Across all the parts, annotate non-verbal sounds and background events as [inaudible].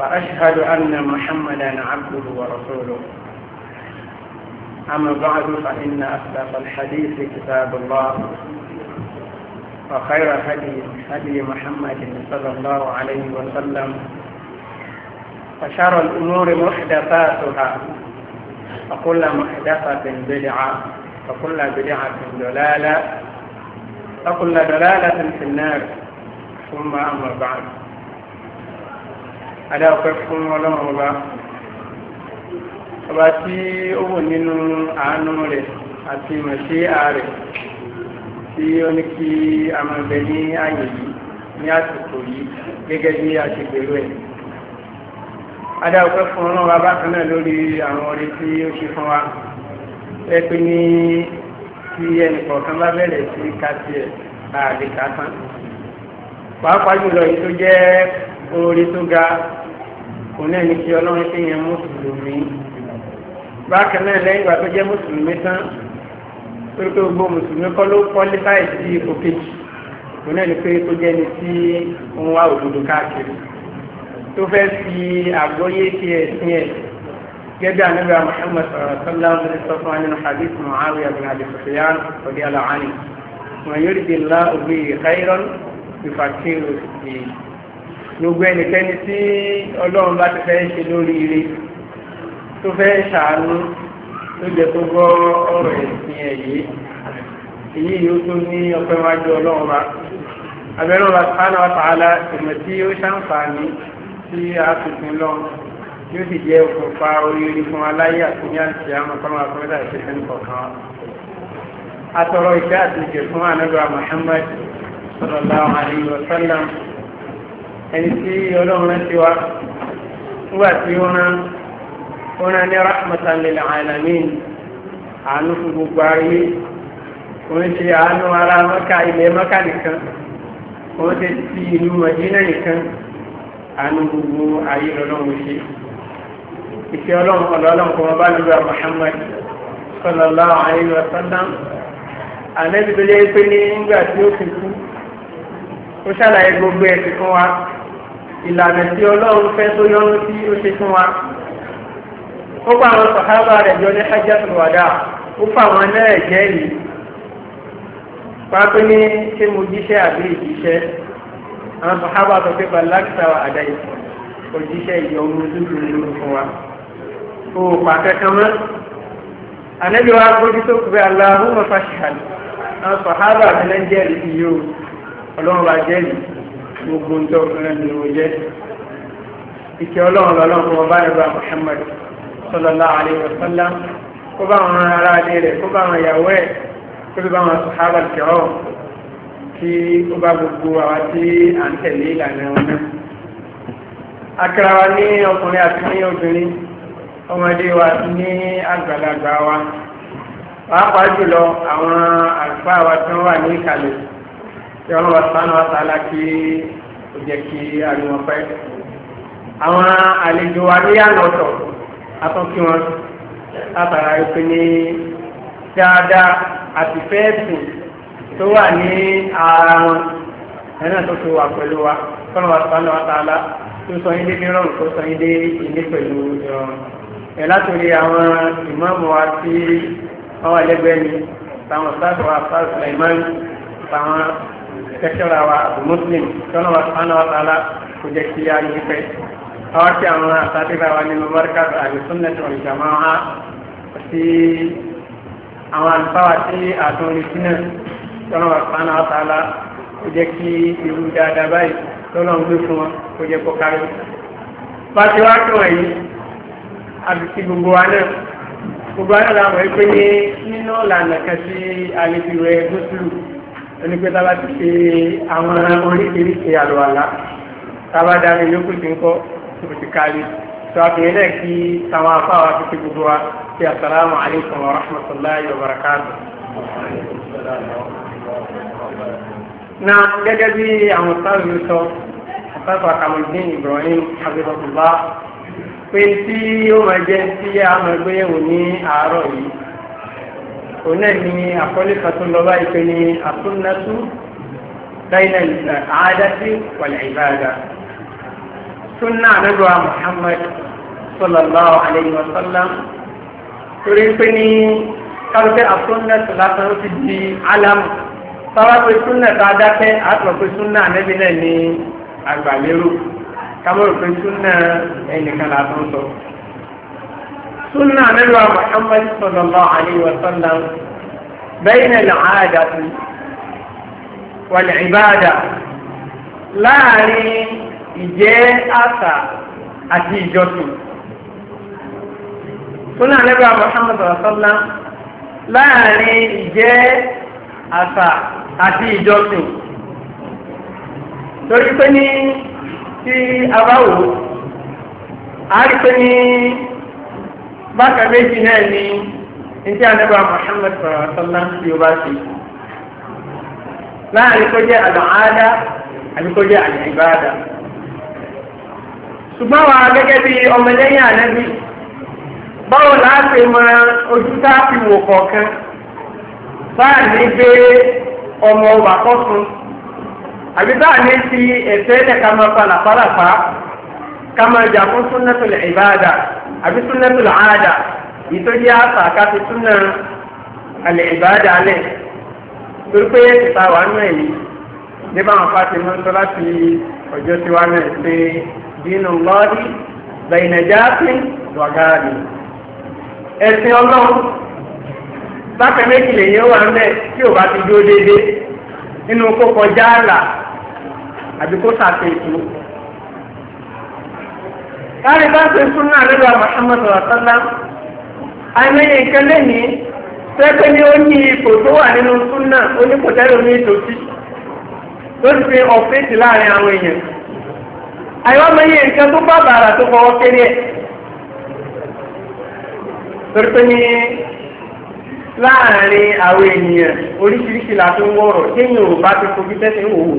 وأشهد أن محمدا عبده ورسوله أما بعد فإن أصدق الحديث كتاب الله وخير هدي هدي محمد صلى الله عليه وسلم وشر الأمور محدثاتها وكل محدثة بدعة وكل بدعة دلالة وكل دلالة في النار ثم أما بعد adáwọ̀pẹ́ fún ọlọ́run ọba ọba tí ó wù nínú àánú rẹ̀ àti ìmọ̀sí ààrẹ tí ó ní kí a máa bẹ ní ààyè yìí ní àsìkò yìí gẹ́gẹ́ bí a ti gbèrò ẹ̀ adáwọ̀pẹ́ fún ọlọ́run ọba kan náà lórí àwọn orí tí ó ṣe fún wa ẹ pé ní tí ẹnìkọ̀ọ̀kan bá bẹ̀rẹ̀ sí ká tiẹ̀ àdìkà tán pàápàá jùlọ yìí tó jẹ́ orí tó ga òun ẹni tí ọlọ́run ti yẹn mùsùlùmí bákan náà lẹ́yìn ìgbà tó jẹ́ mùsùlùmí tán torí pé gbogbo mùsùlùmí kọ́ ló kọ́lé báyìí sí ipò kejì òun ẹni pé tó jẹ́ ni tí òun wá òdodo káàkiri tó fẹ́ fi àgbọ́yé ti ẹ̀sìn ẹ̀ gẹ́gẹ́ anábẹ́ Muhammad sọ̀rọ̀ sọ́lá ọ̀dọ́ sọ fún hadith Muawiya bin Abi Sufyan ọ̀dẹ́ aláàánì wọn yóò dìde ńlá òbí khayran ìfàkìrò sí gbogbo ẹnikẹ́ni tí ọlọ́run bá ti fẹ́ ṣe lórí ire tó fẹ́ ṣàánú tó jẹ́ tó gbọ́ ọ̀rọ̀ ẹ̀sìn ẹ̀yẹ èyí yóò tó ní ọpẹ́ wájú ọlọ́run bá abẹ́rẹ́ wa sánà wàtàlá ìmọ̀ tí ó ṣàǹfààní tí a tuntun lọ tí ó sì jẹ́ òkùnfà oríire fún aláyé àtúnyà àti àwọn ọmọ akọ́mọ́tà ìṣẹ̀fẹ́ nìkọ̀ọ̀kan wa atọ̀rọ̀ ìṣẹ́ àti ìṣẹ̀ fún ànágbà Muhammad sallallahu alaihi wa sallam ẹni tí ọlọ́run rán sí wa nígbà tí ó rán ó rán ní rahmatan lil alamin àánú fún gbogbo ayé òun ṣe àánú ara mọ́ká ilẹ̀ mọ́ká nìkan òun ṣe ti ìlú mọ̀jínà nìkan àánú gbogbo ayé lọ́lọ́run ṣe ìfẹ́ ọlọ́run ọlọ́run kọ́ bá lórí Muhammad sallallahu alaihi wa sallam àlẹ́bí tó pé ní nígbà tí ó fi kú ó ṣàlàyé gbogbo ẹ̀sìn fún wa ìlànà tí ọlọ́run fẹ́ tó yọ́nú sí ó ṣe fún wa ó pa àwọn sàhábà rẹ̀ jọ ní hajjatul wada ó pa àwọn náà jẹ́rìí pápẹ́ ní ṣé mo jíṣẹ́ àbí ìjíṣẹ́ àwọn sàhábà sọ pé balakta àdá ìfọ̀ òjíṣẹ́ ìyọ̀wò dúdú nínú fún wa ó pàtẹ́ kan mọ́ ànábì wa gbójú tó kù bẹ́ẹ̀ aláhùn mọ́fà ṣìhàlì àwọn sàhábà mi lẹ́ jẹ́rìí yìí ọlọ́run bá jẹ́rìí gbogbo ń tọ́ fún ẹni ìwò jẹ́ ìkẹ́ ọlọ́run lọ́lọ́run ọba ẹ̀rọ Muhammad sallallahu alaihi wasallam kó bá wọn ará ilé rẹ̀ kó bá wọn ìyàwó ẹ̀ kó bá wọn sàhábà kẹ́ọ̀ kí ó bá gbogbo àwa tí à ń tẹ̀lé ìlànà wọn náà akẹ́ra ní ọkùnrin àti ní obìnrin ọmọdé wa ní àgbàlagbà wa pàápàá jùlọ àwọn àlùfáà wa tí wọ́n wà ní ìkàlẹ̀ tí ọlọ́wọ́ sánú àtàlá kí ó jẹ́ kí àríwọ̀n pẹ́. àwọn àlejò wa ní yàrá ọ̀tọ̀ atọ́kí wọn látara ìpín ní dáadáa àti fẹ́ẹ̀sì tó wà ní ara wọn ẹ̀nà tó ti wà pẹ̀lú wa kọ́nà wa sánú àtàlá tó sọ yín dé ní rọrùn tó sọ yín dé ilé pẹ̀lú ìrọ̀rùn ẹ̀ látòrí àwọn ìmáàmù wa tí wọ́n wà lẹ́gbẹ̀ẹ́ ni táwọn sáàtọ̀ wa sáàtọ̀ ìmáàmù táwọn kẹ́kẹ́ra wa àbò muslim tọ́nà wa sọ́nà wa tààlà kò jẹ́ kí a yí pẹ́. àwọn tí àwọn àtàtìrà wa nínú markaz àdìsúnnẹ̀tì wal jamaa àti àwọn àlùfáà tí àtúnrin sínú tọ́nà wa sọ́nà wa tààlà kò jẹ́ kí irú dáadáa báyìí tọ́nà ń gbé fún wọn kò jẹ́ kó kárí. bá ti tó wọ̀nyí àbí ti gbogbo wa náà gbogbo wa náà làwọn ẹgbẹ́ ní nínú ìlànà kan sí rẹ̀ gbósùlù ẹni pé tábà ti ṣe àwọn oríṣiríṣi àlùwàlá tábà dárí yókù ti ń kọ́ kò ti kárí tó àfihàn náà kí táwọn afáwà fi ti gbogbo wa ṣe àsàlámù alaykum wa rahmatulahi wa barakatu. na gẹ́gẹ́ bí àwọn sáàlù sọ àtàkùn àkàmùdín Ibrahim abdulbaba pé tí ó máa jẹ́ sí àmọ́ ìgbéyàwó ní àárọ̀ yìí òun náà ni àkọlé kan tó lọ báyìí pé ní àtúnnátú dáínà àádásí wàlẹ̀ ìbáadà súnà àdọ́dọ̀ Muhammad sallallahu alayhi wa sallam torí pé ní kálùkẹ́ àtúnnátú lásán ó ti di alamu sábà pé súnà tá a dákẹ́ àtúnwò pé súnà ànẹ́bí náà ni àgbàlérò kámọ́rò pé súnà ẹnìkan làtúntò súnà nílùú Muhammad sallallahu alayhi wa sallam bayna al-'adati wal-'ibada láàrin ìjẹ́ àṣà àti ìjọsìn súnà nílùú Muhammad sallallahu alayhi wa sallam láàrin ìjẹ́ àṣà àti ìjọsìn torí pé ní tí a bá wò á rí pé ní bákan méjì náà ni ntí anábà Muhammad sọlá tí ó bá ṣe láàrin kó jẹ́ àlọ́hádá àbí kó jẹ́ àlẹ́bàdà ṣùgbọ́n wa gẹ́gẹ́ bí ọmọlẹ́yìn ànábì báwo láti mọ ojú táàpì wò kọ̀ọ̀kan báà ní gbé ọmọ ọba kọ́sùn àbí báà ní ti ẹ̀sẹ̀ ẹ̀dẹ̀ máa palàpalàpá ká máa jà fún súnnẹ́tò ìbáàdà àbí súnà tó lọ àádà ìtọ́jú àṣà káfí súnà àlẹ́ ìbáàdà alẹ́ torí pé ìta wà nù ẹ̀yìn nígbà wọn fà ti mú sọ láti ọjọ́ tí wà nù ẹ̀ pé dínú lọ́ọ̀dì bẹ̀yìn ẹ̀já sí wàgáàdì ẹ̀sìn ọlọ́run sáfẹ́ méjì lèyìn ó wà ń bẹ̀ tí ò bá ti dúró déédéé nínú kó kọjá àlà àbí kó sàfihàn káàrí bá ṣe súnà lọ́wọ́ Muhammadu ọ̀sánlá àìmọye nǹkan lẹ́yìn pẹ́pẹ́ ni ó ní ipò tó wà nínú súnà onípòtẹ́lò ní ìtòsí tó ti fi ọ̀fíìsì láàrin àwọn èèyàn àìwọ́mọye nǹkan tó bá bàrà tó fọwọ́ kéré ẹ̀ torí pé láàrin àwọn ènìyàn oríṣiríṣi la ń wọ̀rọ̀ kéèyàn ò bá ti fojú wò wò.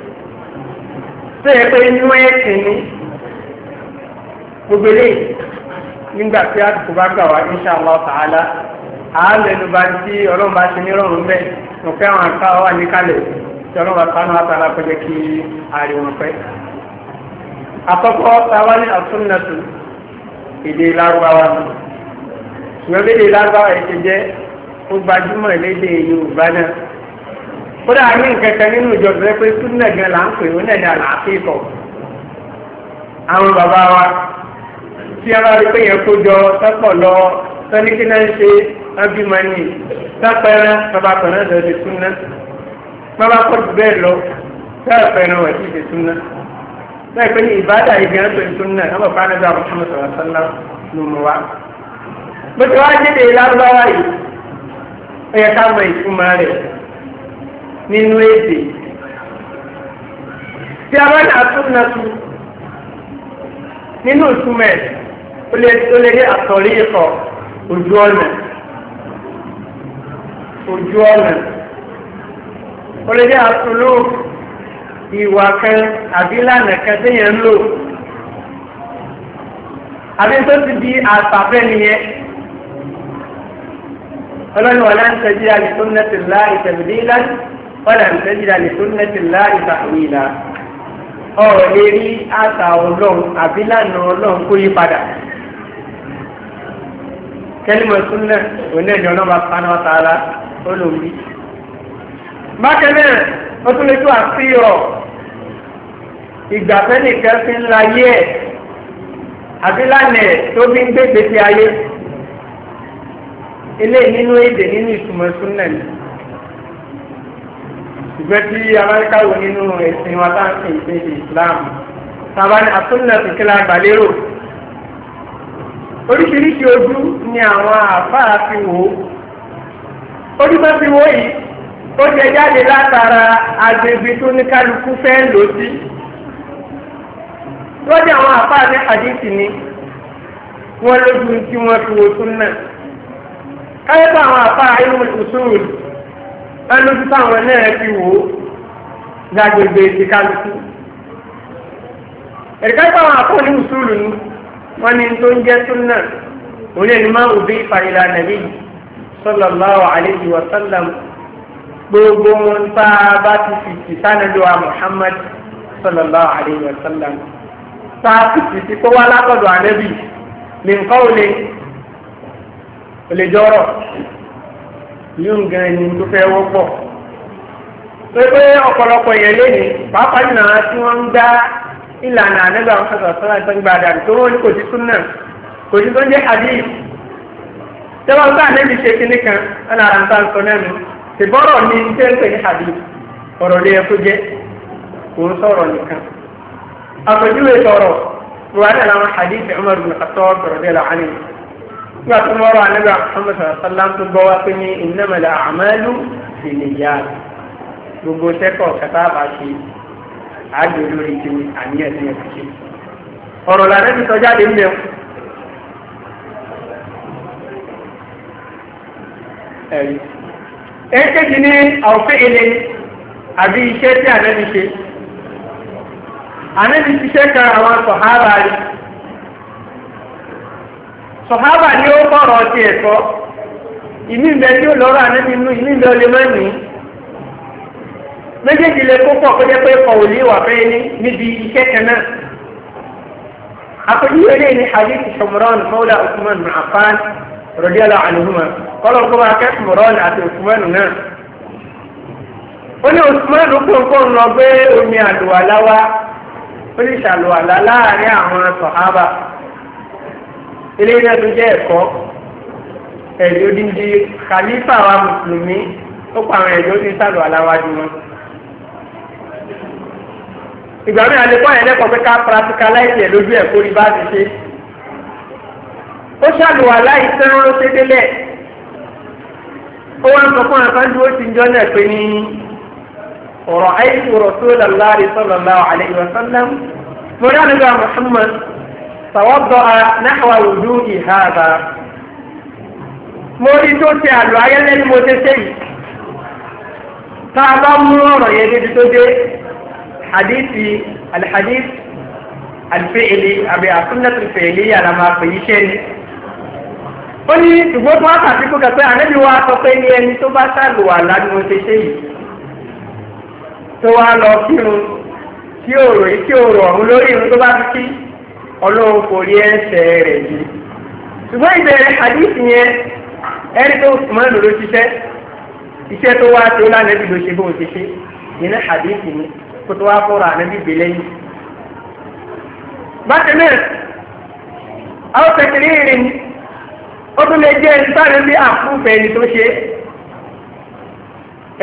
tó yẹ pé inú ẹ̀sìn ni gbogbo eléyìí nígbà tí àtùkù bá gbà wá insha Allah ta'ala àálẹ́nu bá tí ọlọ́run bá ṣe nírọ̀rùn bẹ́ẹ̀ mo fẹ́ àwọn àká wà níkàlẹ̀ tí ọlọ́run bá sánú àtàlà pẹ́jẹ́ kí àríwọ̀n pẹ́. àkọ́kọ́ táwa ní àtúnnàtù èdè lárúbáwá mi ṣùgbọ́n bí èdè lárúbáwá yìí ti jẹ́ ó gbajúmọ̀ ó dáa ní nkẹkẹ nínú ìjọ tó yẹ pé súnà gan là ń pè ó nẹ̀dá là á fi kọ̀ àwọn bàbá wa tí a bá rí pé yẹn kó jọ sọ́pọ̀ lọ sọ́ni kí náà ń ṣe abimani sápẹ́rẹ́ bàbá kan náà lọ́ọ́ di súnà bàbá kọ́ ju bẹ́ẹ̀ lọ sápẹ́rẹ́ wà sí ti súnà bẹ́ẹ̀ pé ní ìbádà igi náà tó ń súnà náà bàbá náà bá Muhammad sọ̀rọ̀ sọ́lá ló mú wa. bó ti wá jẹ́ lárúbáwá yìí ó yẹ ká mọ ìtumọ̀ rẹ̀ nínú èdè tí a bá ní àtúnnátu nínú ìtumẹ̀ o lè ní àtọ̀rí ikọ̀ ojú ọ̀nà ojú ọ̀nà ó lè ní àtúnlò ìwà kan àbí lànà kan téèyàn ń lò àbí tó ti di àtàfẹ́ nìyẹn ọlọ́run wà láǹtẹ̀jú àti tó ń nẹ́tì ولن تجد لسنة الله تحويلا ọ̀rọ̀ lè rí àṣà ọlọ́run àbí lànà ọlọ́run kó yí padà kẹ́límọ̀ súnlẹ̀ òní ẹ̀jọ̀ náà bá paná ọ̀tàlá olórí bákẹ́lẹ̀ ó tún lè tó àfihàn ìgbàfẹ́ nìkan fi ń láyé ẹ̀ àbí lànà ẹ̀ tó fi ń gbégbé sí ayé ilé nínú èdè nínú ìtumọ̀ súnlẹ̀ nìkan ìgbẹ́ tí amẹ́ríkà wò nínú ẹ̀sìn wa tá à ń pè ní Islam tàbá ní àtúnlẹ̀ ìkílá àgbàlérò oríṣiríṣi ojú ni àwọn àfáà fi wò ó ojú tó fi wò yìí ó jẹ jáde látara agbègbè tó ní kálukú fẹ́ lò sí lọ́jọ́ àwọn àfáà ní àdìsí ni wọ́n lójú tí wọ́n fi wò tún náà káyọ̀tọ̀ àwọn àfáà inú ìṣòro ẹlójú táwọn náà fi wò ó lágbègbè ti kálukú ẹ̀ríkà ìpá àwọn àpò ní ìṣúlù ni wọ́n ní tó ń jẹ́ súnà òun ẹni máa ń bí ìfàyèlà nàbí sallallahu alayhi wa sallam gbogbo wọn tá a bá ti fìtì sánàdùwà Muhammad sallallahu alayhi wa sallam tá a fìtì sí kó wá látọ̀dọ̀ ànábì ní nǹkan ò lè jọrọ̀ yóò ń gan ẹni tó fẹ́ wọ́pọ̀ pépé ọ̀pọ̀lọpọ̀ yẹn lẹ́yìn pàápàá nínú àwọn tí wọ́n ń dá ìlànà àdẹ́gbà wọn sọ̀tọ̀ sọ́lá tó ń gba àdàrú tó wọ́n ní kò sí súnà kò sí tó ń jẹ́ àbí tẹ́wọ́n ń bá àdébí ṣe kíní kan ọ̀nà àrà ń bá ń sọ náà mi ṣèbọ́rọ̀ ni ṣé ń pè ní àbí ọ̀rọ̀ lé ẹkú jẹ́ kò ń sọ̀rọ̀ nìkan àpèjúwe sọ̀rọ̀ wàhálà làwọn àdébí Umar bin Khattab ọ̀rọ̀ nígbà tó mọ́ ọ̀rọ̀ àníbà Muhammad sallam tó bọ́ wá pé ní innamal a'malu binniyat gbogbo sẹ́kọ̀ kẹta bá ṣe àjò lórí ti àníyàn ní ẹ̀kọ́ ṣe ọ̀rọ̀ làrẹ́ ti sọ jáde ń bẹ̀rù ẹ̀rí ẹ̀kẹ́jì ní àwọ̀fẹ́ ilé àbí iṣẹ́ tí ànẹ́bí ṣe ànẹ́bí ṣiṣẹ́ kan àwọn sọ̀hárà rí sọ̀hábà ni ó kọ̀rọ̀ ọtí ẹ̀kọ́ ìlú ìbẹ́ tí ó lọ́rọ̀ ànábi inú ìlú ìbẹ́ olè mẹ́rin méjèèjì lè kó pọ̀ kó jẹ́ pé kọ̀ òlì wà fẹ́ ní níbi iṣẹ́ kan náà àpèjúwe lè ní hadith Shumran mawla Uthman bin Affan radiyallahu anhuma kọ́lọ̀ kó máa kẹ́ Shumran àti Uthman náà ó ní Uthman kóńkó ń lọ gbé omi àlùwàlá wá ó ní ìṣàlùwàlá láàárín àwọn sọ̀hábà eléyìí náà tó jẹ́ ẹ̀kọ́ ẹ̀dọ́ dídí kàlífà wa mùsùlùmí ó pa àwọn ẹ̀dọ́ tí sálọ aláwájú wọn. ìgbà mi àlekọ́ yẹn lẹ́kọ̀ọ́ pé ká practicalize ẹ̀ lójú ẹ̀ kórìí bá ti ṣe. ó sálọ aláìsàn ló ṣe délẹ̀ ó wá ń sọ fún àkàndú ó ti ń jọ́ náà pé ní ọ̀rọ̀ àìsùn rọ̀ tó lọ́lá àdìsọ́ lọ́lá àlẹ́ ìwọ̀sán náà mo rí Muhammad tọwọ́dọ̀ náà wùdú ìhàbà mo rí tó ṣe àlọ́ ayẹ́lẹ́ ni mo ṣe ṣe yìí tá a bá mú ọ̀rọ̀ yẹn níbi tó dé hadithi alhadith alfeeli àbí asúnnàtì fèèlì yàrá máa pè yíṣẹ́ ni ó ní ṣùgbọ́n tó wá kàfikún kẹfẹ́ ànábì wa sọ pé ní ẹni tó bá ṣàlùwàlá ni mo ṣe ṣe yìí tó wá lọ kírun kí òòrò yìí kí òòrò ọ̀hún lórí irun tó bá fi kí ọlọ́run kò rí ẹsẹ̀ rẹ̀ jù ṣùgbọ́n ìbẹ̀rẹ̀ hadith yẹn ẹni tó mọ́ lòló ṣiṣẹ́ iṣẹ́ tó wá tó lánàbí ló ṣe bóun ṣe hadith ni kó tó wá fọ́ra ànábì gbé lẹ́yìn. bákan náà àwọn kẹkẹrẹ rẹ ni ó tún lè jẹ́ bí àkúfẹ́ ẹni tó ṣe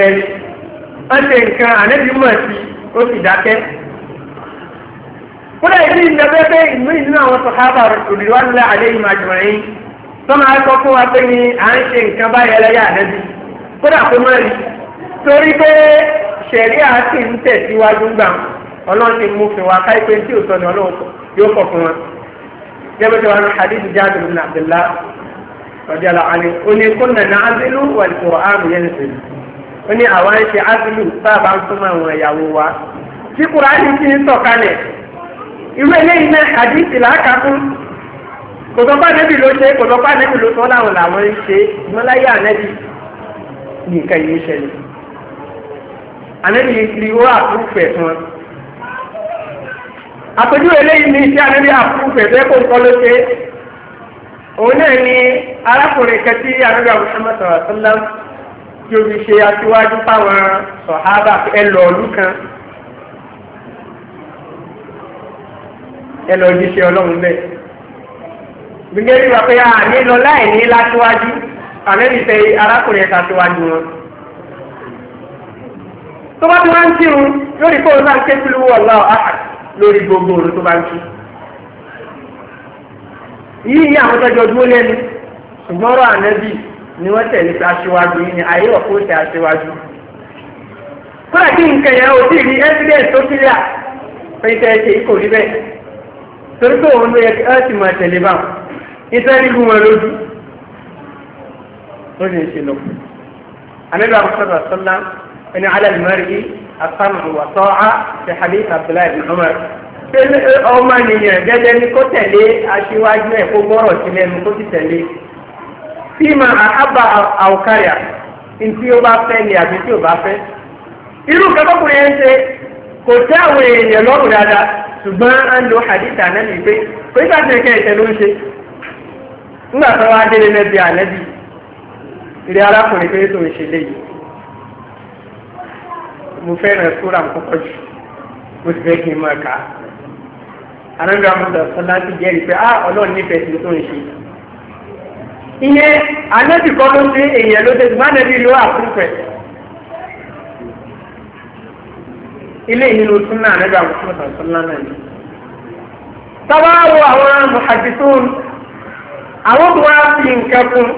ẹni ọ̀sẹ̀ nǹkan ànábì mọ̀ sí ó sì kódà ìdí ìdẹ́gbẹ́gbẹ́ ìlú ìlú àwọn sọ̀hábà òdìwálẹ̀ àlẹ́ ìmàjùmọ̀rin tó máa sọ fún wa pé ní à ń ṣe nǹkan báyìí ẹlẹ́yà àdẹ́bí kódà kó mọ́ rí torí pé ṣẹ̀rí àti ń tẹ̀síwájú gbà ọlọ́run ti mú fi wá káyí pé tí òsọ ni ọlọ́run yóò kọ̀ fún wa. jẹ́bẹ̀tẹ̀ wọn hadith jáde bin abdullah rọ̀jàlá àní oní kúnnà ní azilu wà ní kùránù yẹn ní sèlú oní àwọn àwọn irú eléyìí náà àdìsí làákà fún kòtọ́pá nẹ́bì ló ṣe kòtọ́pá nẹ́bì ló sọ láwọn làwọn ń ṣe mọ́láyé ànẹ́bì ní nǹkan yìí ṣẹlẹ̀ ànẹ́bì yìí kiri ó àpúfẹ̀ fún wọn. àpèjú eléyìí ní iṣẹ́ ànẹ́bì àpúfẹ̀ bẹ́ẹ̀ kó nǹkan ló ṣe òun náà ni arákùnrin kan tí ànẹ́bì àbúṣẹ́mọ̀ sọ̀rọ̀ sọ́lá tí omi ṣe aṣíwájú fáwọn sọ̀hábà ẹlọ́ọ̀lù kan ẹ lọ jíṣẹ́ ọlọ́run bẹ́ẹ̀. gbígbé rí wa pé a ní lọ láì ní láṣíwájú àmẹ́bí fẹ́ arákùnrin ẹ̀ka síwájú wọn. tó bá ti wá ń kírun lórí kóun náà ń ké pẹ̀lú ọ̀la ọ̀hà lórí gbogbo òru tó bá ń kí. yìí ní àwọn tọ́jú ọdún ó lẹ́nu ṣùgbọ́n ọ̀rọ̀ ànẹ́bí ni wọ́n tẹ̀lé pé aṣíwájú yìí ni ayé ọ̀pọ̀ ó tẹ aṣíwájú kódà kí nǹkan yẹn ò sí rí evidence tó kílíà pé tẹ́ bẹ́ẹ̀ torí pé òun ló yẹ kí ẹ́ẹ̀tì máa tẹ̀lé bá iṣẹ́ rígun wọn lójú ó sì ń ṣe lọ. àmìlú àkọsọ̀rọ̀ sọ́lá ẹni alẹ́lùmọ́rí asámù wàtọ́á ti hadí abdullahi bin umar. pé ọmọ ènìyàn gẹ́gẹ́ ni kó tẹ̀lé aṣíwájú ẹ̀ kó gbọ́rọ̀ sí lẹ́nu kó sì tẹ̀lé. fíìmà àhábà àwòkáyà ntí ó bá fẹ́ ni àbí tí ò bá fẹ́. irú kẹ́kọ̀ọ́ yẹn ṣe kò tẹ́ àwọn èèyàn lọ́rùn dáadáa ṣùgbọ́n a ń lo hadith ànábì pé kò nígbà tí ẹ̀kẹ́ ìtẹ́ ló ń ṣe nígbà tó wá délé lẹ́bi ànábì ìrẹ́ arákùnrin pé tó ń ṣe léyìí mo fẹ́ràn sóra kọ́kọ́ jù mo sì fẹ́ kí n máa kà á ànábì amúdà sọlá ti jẹ́rìí pé ah ọlọ́run nífẹ̀ẹ́ sí tó ń ṣe ìyẹn ànábì kọ́ ló ń ṣe èèyàn ló dé ṣùgbọ́n ànábì ló àkúrúfẹ̀ẹ́ ilé nínú súnà nígbà mùsùlùmí sọ̀tọ́lá náà ni. sábà wo àwọn muhadithun àwọn tó wá fi nǹkan kún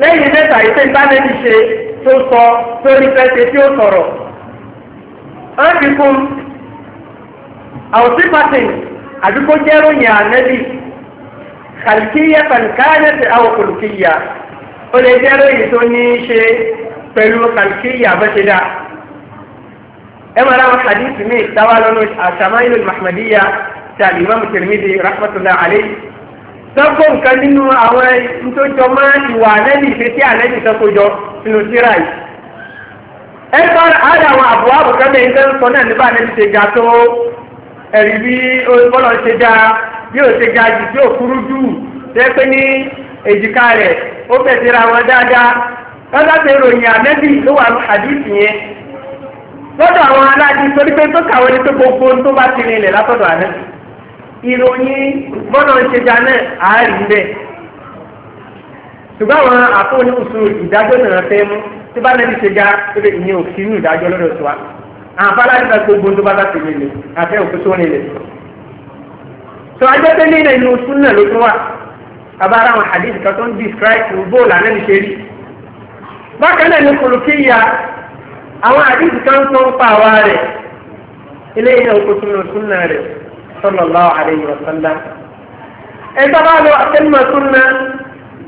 lẹ́yìn mẹ́ta ìṣe ìbánẹ́bí ṣe tó sọ tó ní pẹ́ẹ́sẹ̀ tí ó sọ̀rọ̀ wọ́n fi kún àwòsí pàtìn àdúgbò jẹ́ ròyìn ànẹ́bí kàlùkìyà kàlùkàyà àwọn ó lè jẹ́ ròyìn tó ní í ṣe pẹ̀lú kàlùkìyà bẹ́ṣẹ̀dá ẹ máa ra wọn hadithi mi táwa lọ́nu àṣàmáyìlú mahmadiya ti alimami Tirmidhi rahmatullahi alayhi sọ́kò nǹkan nínú àwọn ntòjọ́ máa ìwà àlẹ́bí ìfẹ́sí àlẹ́bí sọ́kòjọ́ sínú síra yìí. ẹ sọ àdá àwọn àbúrò àbùkẹ́ mi ń sọ náà nípa àlẹ́bí ṣe ga tó ẹ̀rí bí bọ́lọ̀ ṣe ga bí ó ṣe ga jù tí ó kúrú jù tẹ́ pé ní èjìká rẹ̀ ó fẹ̀sẹ̀ ra wọn dáadáa lọ́dọ̀ ṣe ròyìn àlẹ́bí ló wà ní àdìsí yẹn lọ́dọ̀ àwọn aláàdì torí pé tó kàwé ní tó gbogbo tó bá ti rinlẹ̀ látọ̀dọ̀ àná ìròyìn bọ́nà ń ṣe janet àárín bẹ́ẹ̀ ṣùgbọ́n àwọn àfọwọ́nì òṣùwò ìdájọ́ náà fẹ́ mú tí bá lẹ́bi ṣe ga pé ìyẹn ò sínú ìdájọ́ lọ́dọ̀ tó wa àǹfààní àti gbogbo tó bá bá ti rinlẹ̀ àfẹ́ òkú tó rinlẹ̀ tó ajẹ́pẹ́ nílẹ̀ inú súnà ló tún wà abára àwọn hadith kan tó ń describe àwọn àdìsí kan tó ń pa àwa rẹ̀ eléyìí náà kó sínú súnà rẹ̀ sallallahu alaihi wa sallam. ẹ sábà lọ àtẹnumọ̀ súnà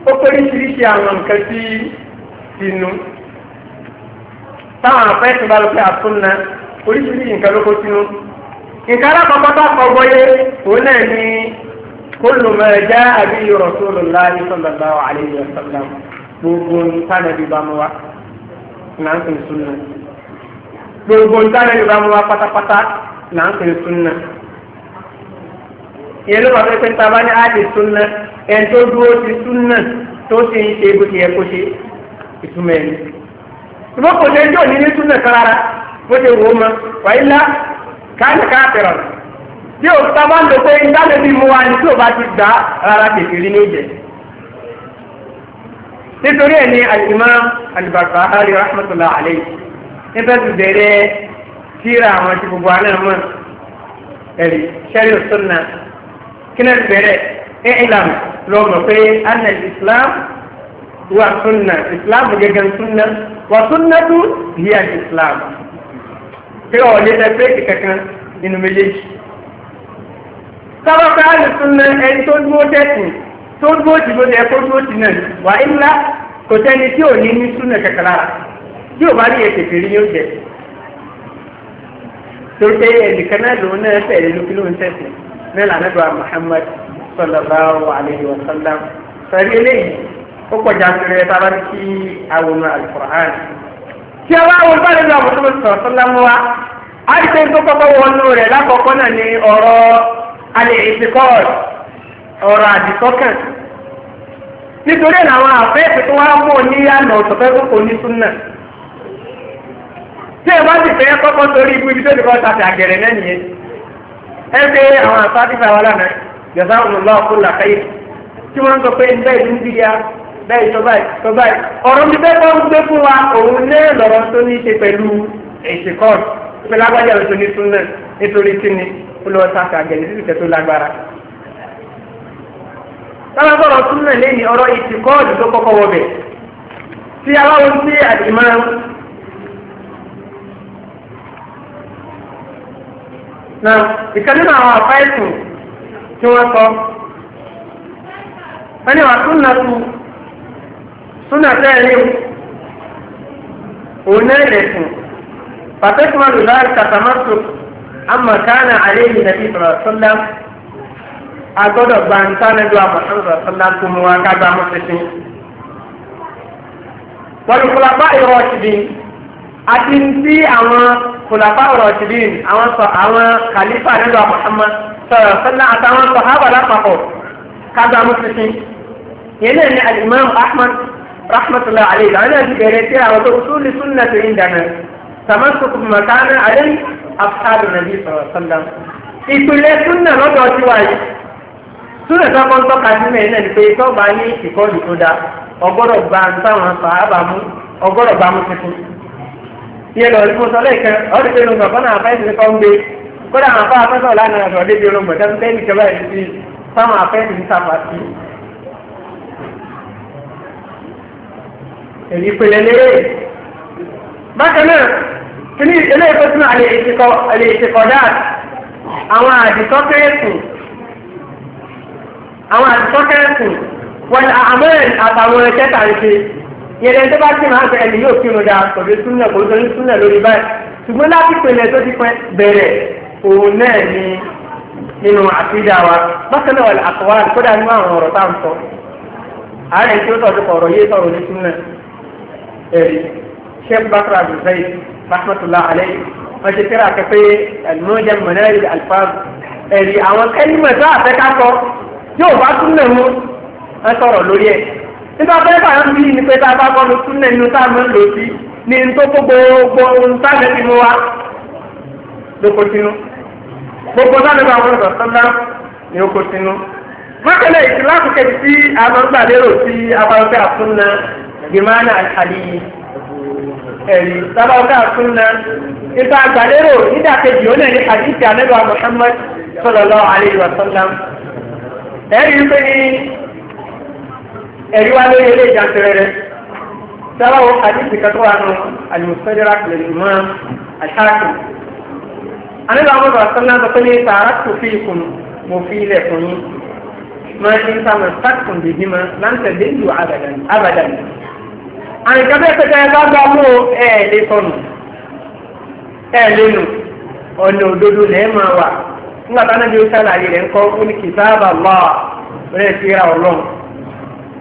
ó pé oríṣiríṣi àwọn nǹkan sí sínú táwọn afẹ́sùn bá lọ pé àsúnà oríṣiríṣi nǹkan ló kó sínú. nǹkan alákọ̀ọ́kọ́ tó àkọ́gbọ́yé òun náà ní kullu ma jaa bihi rasulullahi sallallahu alaihi wa sallam gbogbo nǹkan bá mú wa gbogbo ìtàlẹ̀ yorùbá mú wa pátápátá là ń pè sunna ìyẹn ló máa fẹ́ pé nípa bá ní àdè sunna ẹni tó dúró ti sunna tó sì ń ṣe bó ti yẹ kó ṣe ìtumọ̀ ẹni. ṣùgbọ́n kò ṣe ẹjọ́ ní ní sunna kan rárá bó ṣe wò ó mọ wàyí lá káàní káàpẹ̀rọ̀ tí o ta ń lò pé ìtàlẹ̀ bí mú wa ni tí o bá ti gbà rárá kékeré ní ìjẹ. nítorí ẹ̀ ní al-Imam al-Barbahari níbẹ̀ tó bẹ̀rẹ̀ tíra àwọn tí gbogbo àná mọ̀ ẹ̀rí sẹ́rí òsúnà kí náà ti bẹ̀rẹ̀ ẹ ìlànà lọ́mọ pé anna islam wa sunna islam gẹ́gẹ́ sunna wa sunna tó yíya islam pé ọ̀lẹ́ ẹ pé kankan nínú méjèèjì. sábà ká lè sunna ẹni tó dúró tẹ̀sìn tó dúró tì ló dẹ̀ dúró tì náà wà á ńlá kò sẹ́ni tí ò ní ní sunna kankan lára bí ò bá rí ètò ìfèrí ní oúnjẹ tó pé ẹnìkan náà lòun náà tẹ̀lé ló kí ló ń náà lànàbà Muhammad sallallahu alayhi wa sallam sọ̀rí eléyìí ó kọjá sílẹ̀ sábà kí àwòrán alukur'an tí a bá wọ bá lọ́dọ̀ àbúrò sọ̀rọ̀ sọ́lámù wa a ti tẹ́lẹ̀ tó kọ́kọ́ wọnú rẹ̀ lákọ̀ọ́kọ́ náà ni ọ̀rọ̀ alẹ́ ìsìkọ́ọ̀lù ọ̀rọ̀ àdìsọ́kàn nítorí àwọn àfẹ́ẹ̀sì tó wá mọ̀ ní àná ọ̀sọ̀fẹ́ kò ní súnà tí ẹ bá sì fẹ́ kọ́kọ́ torí ibú ibi tó ti kọ́ tàbí àgẹ̀rẹ̀ náà nìyẹn ẹ gbé àwọn àfáàdìfà wa lánàá yọ̀sá òun lọ́ọ̀ kó làkàyè tí wọ́n ń sọ pé bẹ́ẹ̀ ló ń bí ya bẹ́ẹ̀ tó báyìí tó báyìí ọ̀rọ̀ mi bẹ́ẹ̀ ń gbé fún wa òun náà lọ́rọ̀ tó ní ṣe pẹ̀lú ìṣèkọ́ọ̀tù pé lágbájá oṣù ní súnlẹ̀ nítorí kíni ó lọ sáfẹ́ àgẹ̀lẹ̀ sí ìṣẹ́ tó lágbára. Táwọn ọ̀rọ̀ na ìkan nínú àwọn àfáìsùn tí wọ́n sọ wọ́n ní wà súnà tu súnà tẹ́ẹ̀rí òun náà lè sùn pàtẹ́kì wọn lùlá kàtàmọ́tò àmọ̀ káànà àléyìn nàbí sọ̀rọ̀ sọ́lá agbọ́dọ̀ gba ntánẹ́dọ́ àmọ̀ sọ̀rọ̀ sọ́lá tó mú wa kágbá mọ́ fífi. wọ́n ní kúlápá ìrọ̀ ọ̀sìn àti ń tí àwọn kùlàfà ọ̀rọ̀ ṣìdín àwọn sọ àwọn kàlífà nílò àmọ́ sọ̀rọ̀ sọ́nà àtàwọn sọ hábà lápapọ̀ kágbá mùsùlùmí yẹn náà ni alimam ahmad rahmatulah alayhi làwọn náà ti bẹ̀rẹ̀ sí àwọn tó usúlì súnà tó ń dáná sàmásùkù màkánà alẹ́ afáàlù nàbí sọ̀rọ̀ sọ́nà ìpìlẹ̀ súnà lọ́dọ̀ ti wáyé súnà tó kọ́ ń tọ́ka sí mẹ́rin náà pé tó ní ìkọ́lù tó dáa ọgbọ́dọ̀ gba táwọn sọ yẹ lọ rí mo sọ lẹ́ẹ̀kan ọ̀rọ̀ ìpinnu bàbá náà fẹ́ ti kọ́ ń gbé kódà débi olóńgbò tẹ́lẹ̀ tẹ́lẹ̀ ìjọba yìí ti sáwọn afẹ́ ti sí. èyí pèlè lérè bákan náà eléyìí tó àlè àwọn àwọn wọn àmọ́ àtàwọn ṣe. yẹ̀rẹ̀ tó bá ti máa ń sọ ẹni yóò kírun dáa pẹ̀lú súnà kò sọ ní súnà lórí báyìí ṣùgbọ́n láti pèlè tó ti pẹ́ bẹ̀rẹ̀ òun náà ni nínú àfíjà wa bákan náà àkọwá kódà nínú àwọn ọ̀rọ̀ tá à ń sọ àárẹ̀ tí ó sọ̀rọ̀ ọ̀rọ̀ yé sọ̀rọ̀ ní súnà ẹ̀rí sheikh bakra abdulzai rahmatullah alayhi wọ́n ṣe kíra kẹfẹ́ ẹ̀lmọ́jà mọ̀nẹ́rì nígbà tó ẹ̀fà yọ́n bíi ní pé tá a bá kọ́nu tún lẹ̀ nínú táàmù ń lò sí ní n tó kó gbogbo ohun táàmù ti mú wa lóko sínú gbogbo táàmù bá wọn sọ sọ́dá ní oko sínú. mọ́tẹ́lẹ̀ ìsìláàmù kejì tí a máa ń gbà lérò sí abáwọ́kẹ́ àtúnná gbìmánà àlìyí ẹ̀rí tábàwọ́kẹ́ àtúnná nípa àgbàlérò nídàkejì ó lè ní àdìsí àlẹ́bà Muhammad sallallahu alaihi wa sallam ẹ̀rí pé ní ẹ̀rí wá lórí ilé ìjànsẹ̀rẹ̀ rẹ̀ sábàwọ̀ àdìsí kan tó wà nù àlùmùsọ́jọ́ra pẹ̀lú ìmọ̀ àṣáàkì. àníbà àwọn ọ̀rọ̀ sọ́nà sọ pé ní sàárà tó fi ìkùn mo fi ilẹ̀ fún yín máa ń sáwọn sákùn bìbí ma láǹtẹ̀ lè lù abadan. àyíká bẹ́ẹ̀ pẹ́tẹ́ ẹ bá gbá mú ẹ lè sọnù ẹ lè ọ̀nà òdodo lẹ́ẹ̀ máa wà nígbà táwọn ẹbí ó sàlàyé rẹ̀ ńkọ́ ó ní kìtàbà lọ́ọ̀ rẹ̀ fi ra ọlọ́run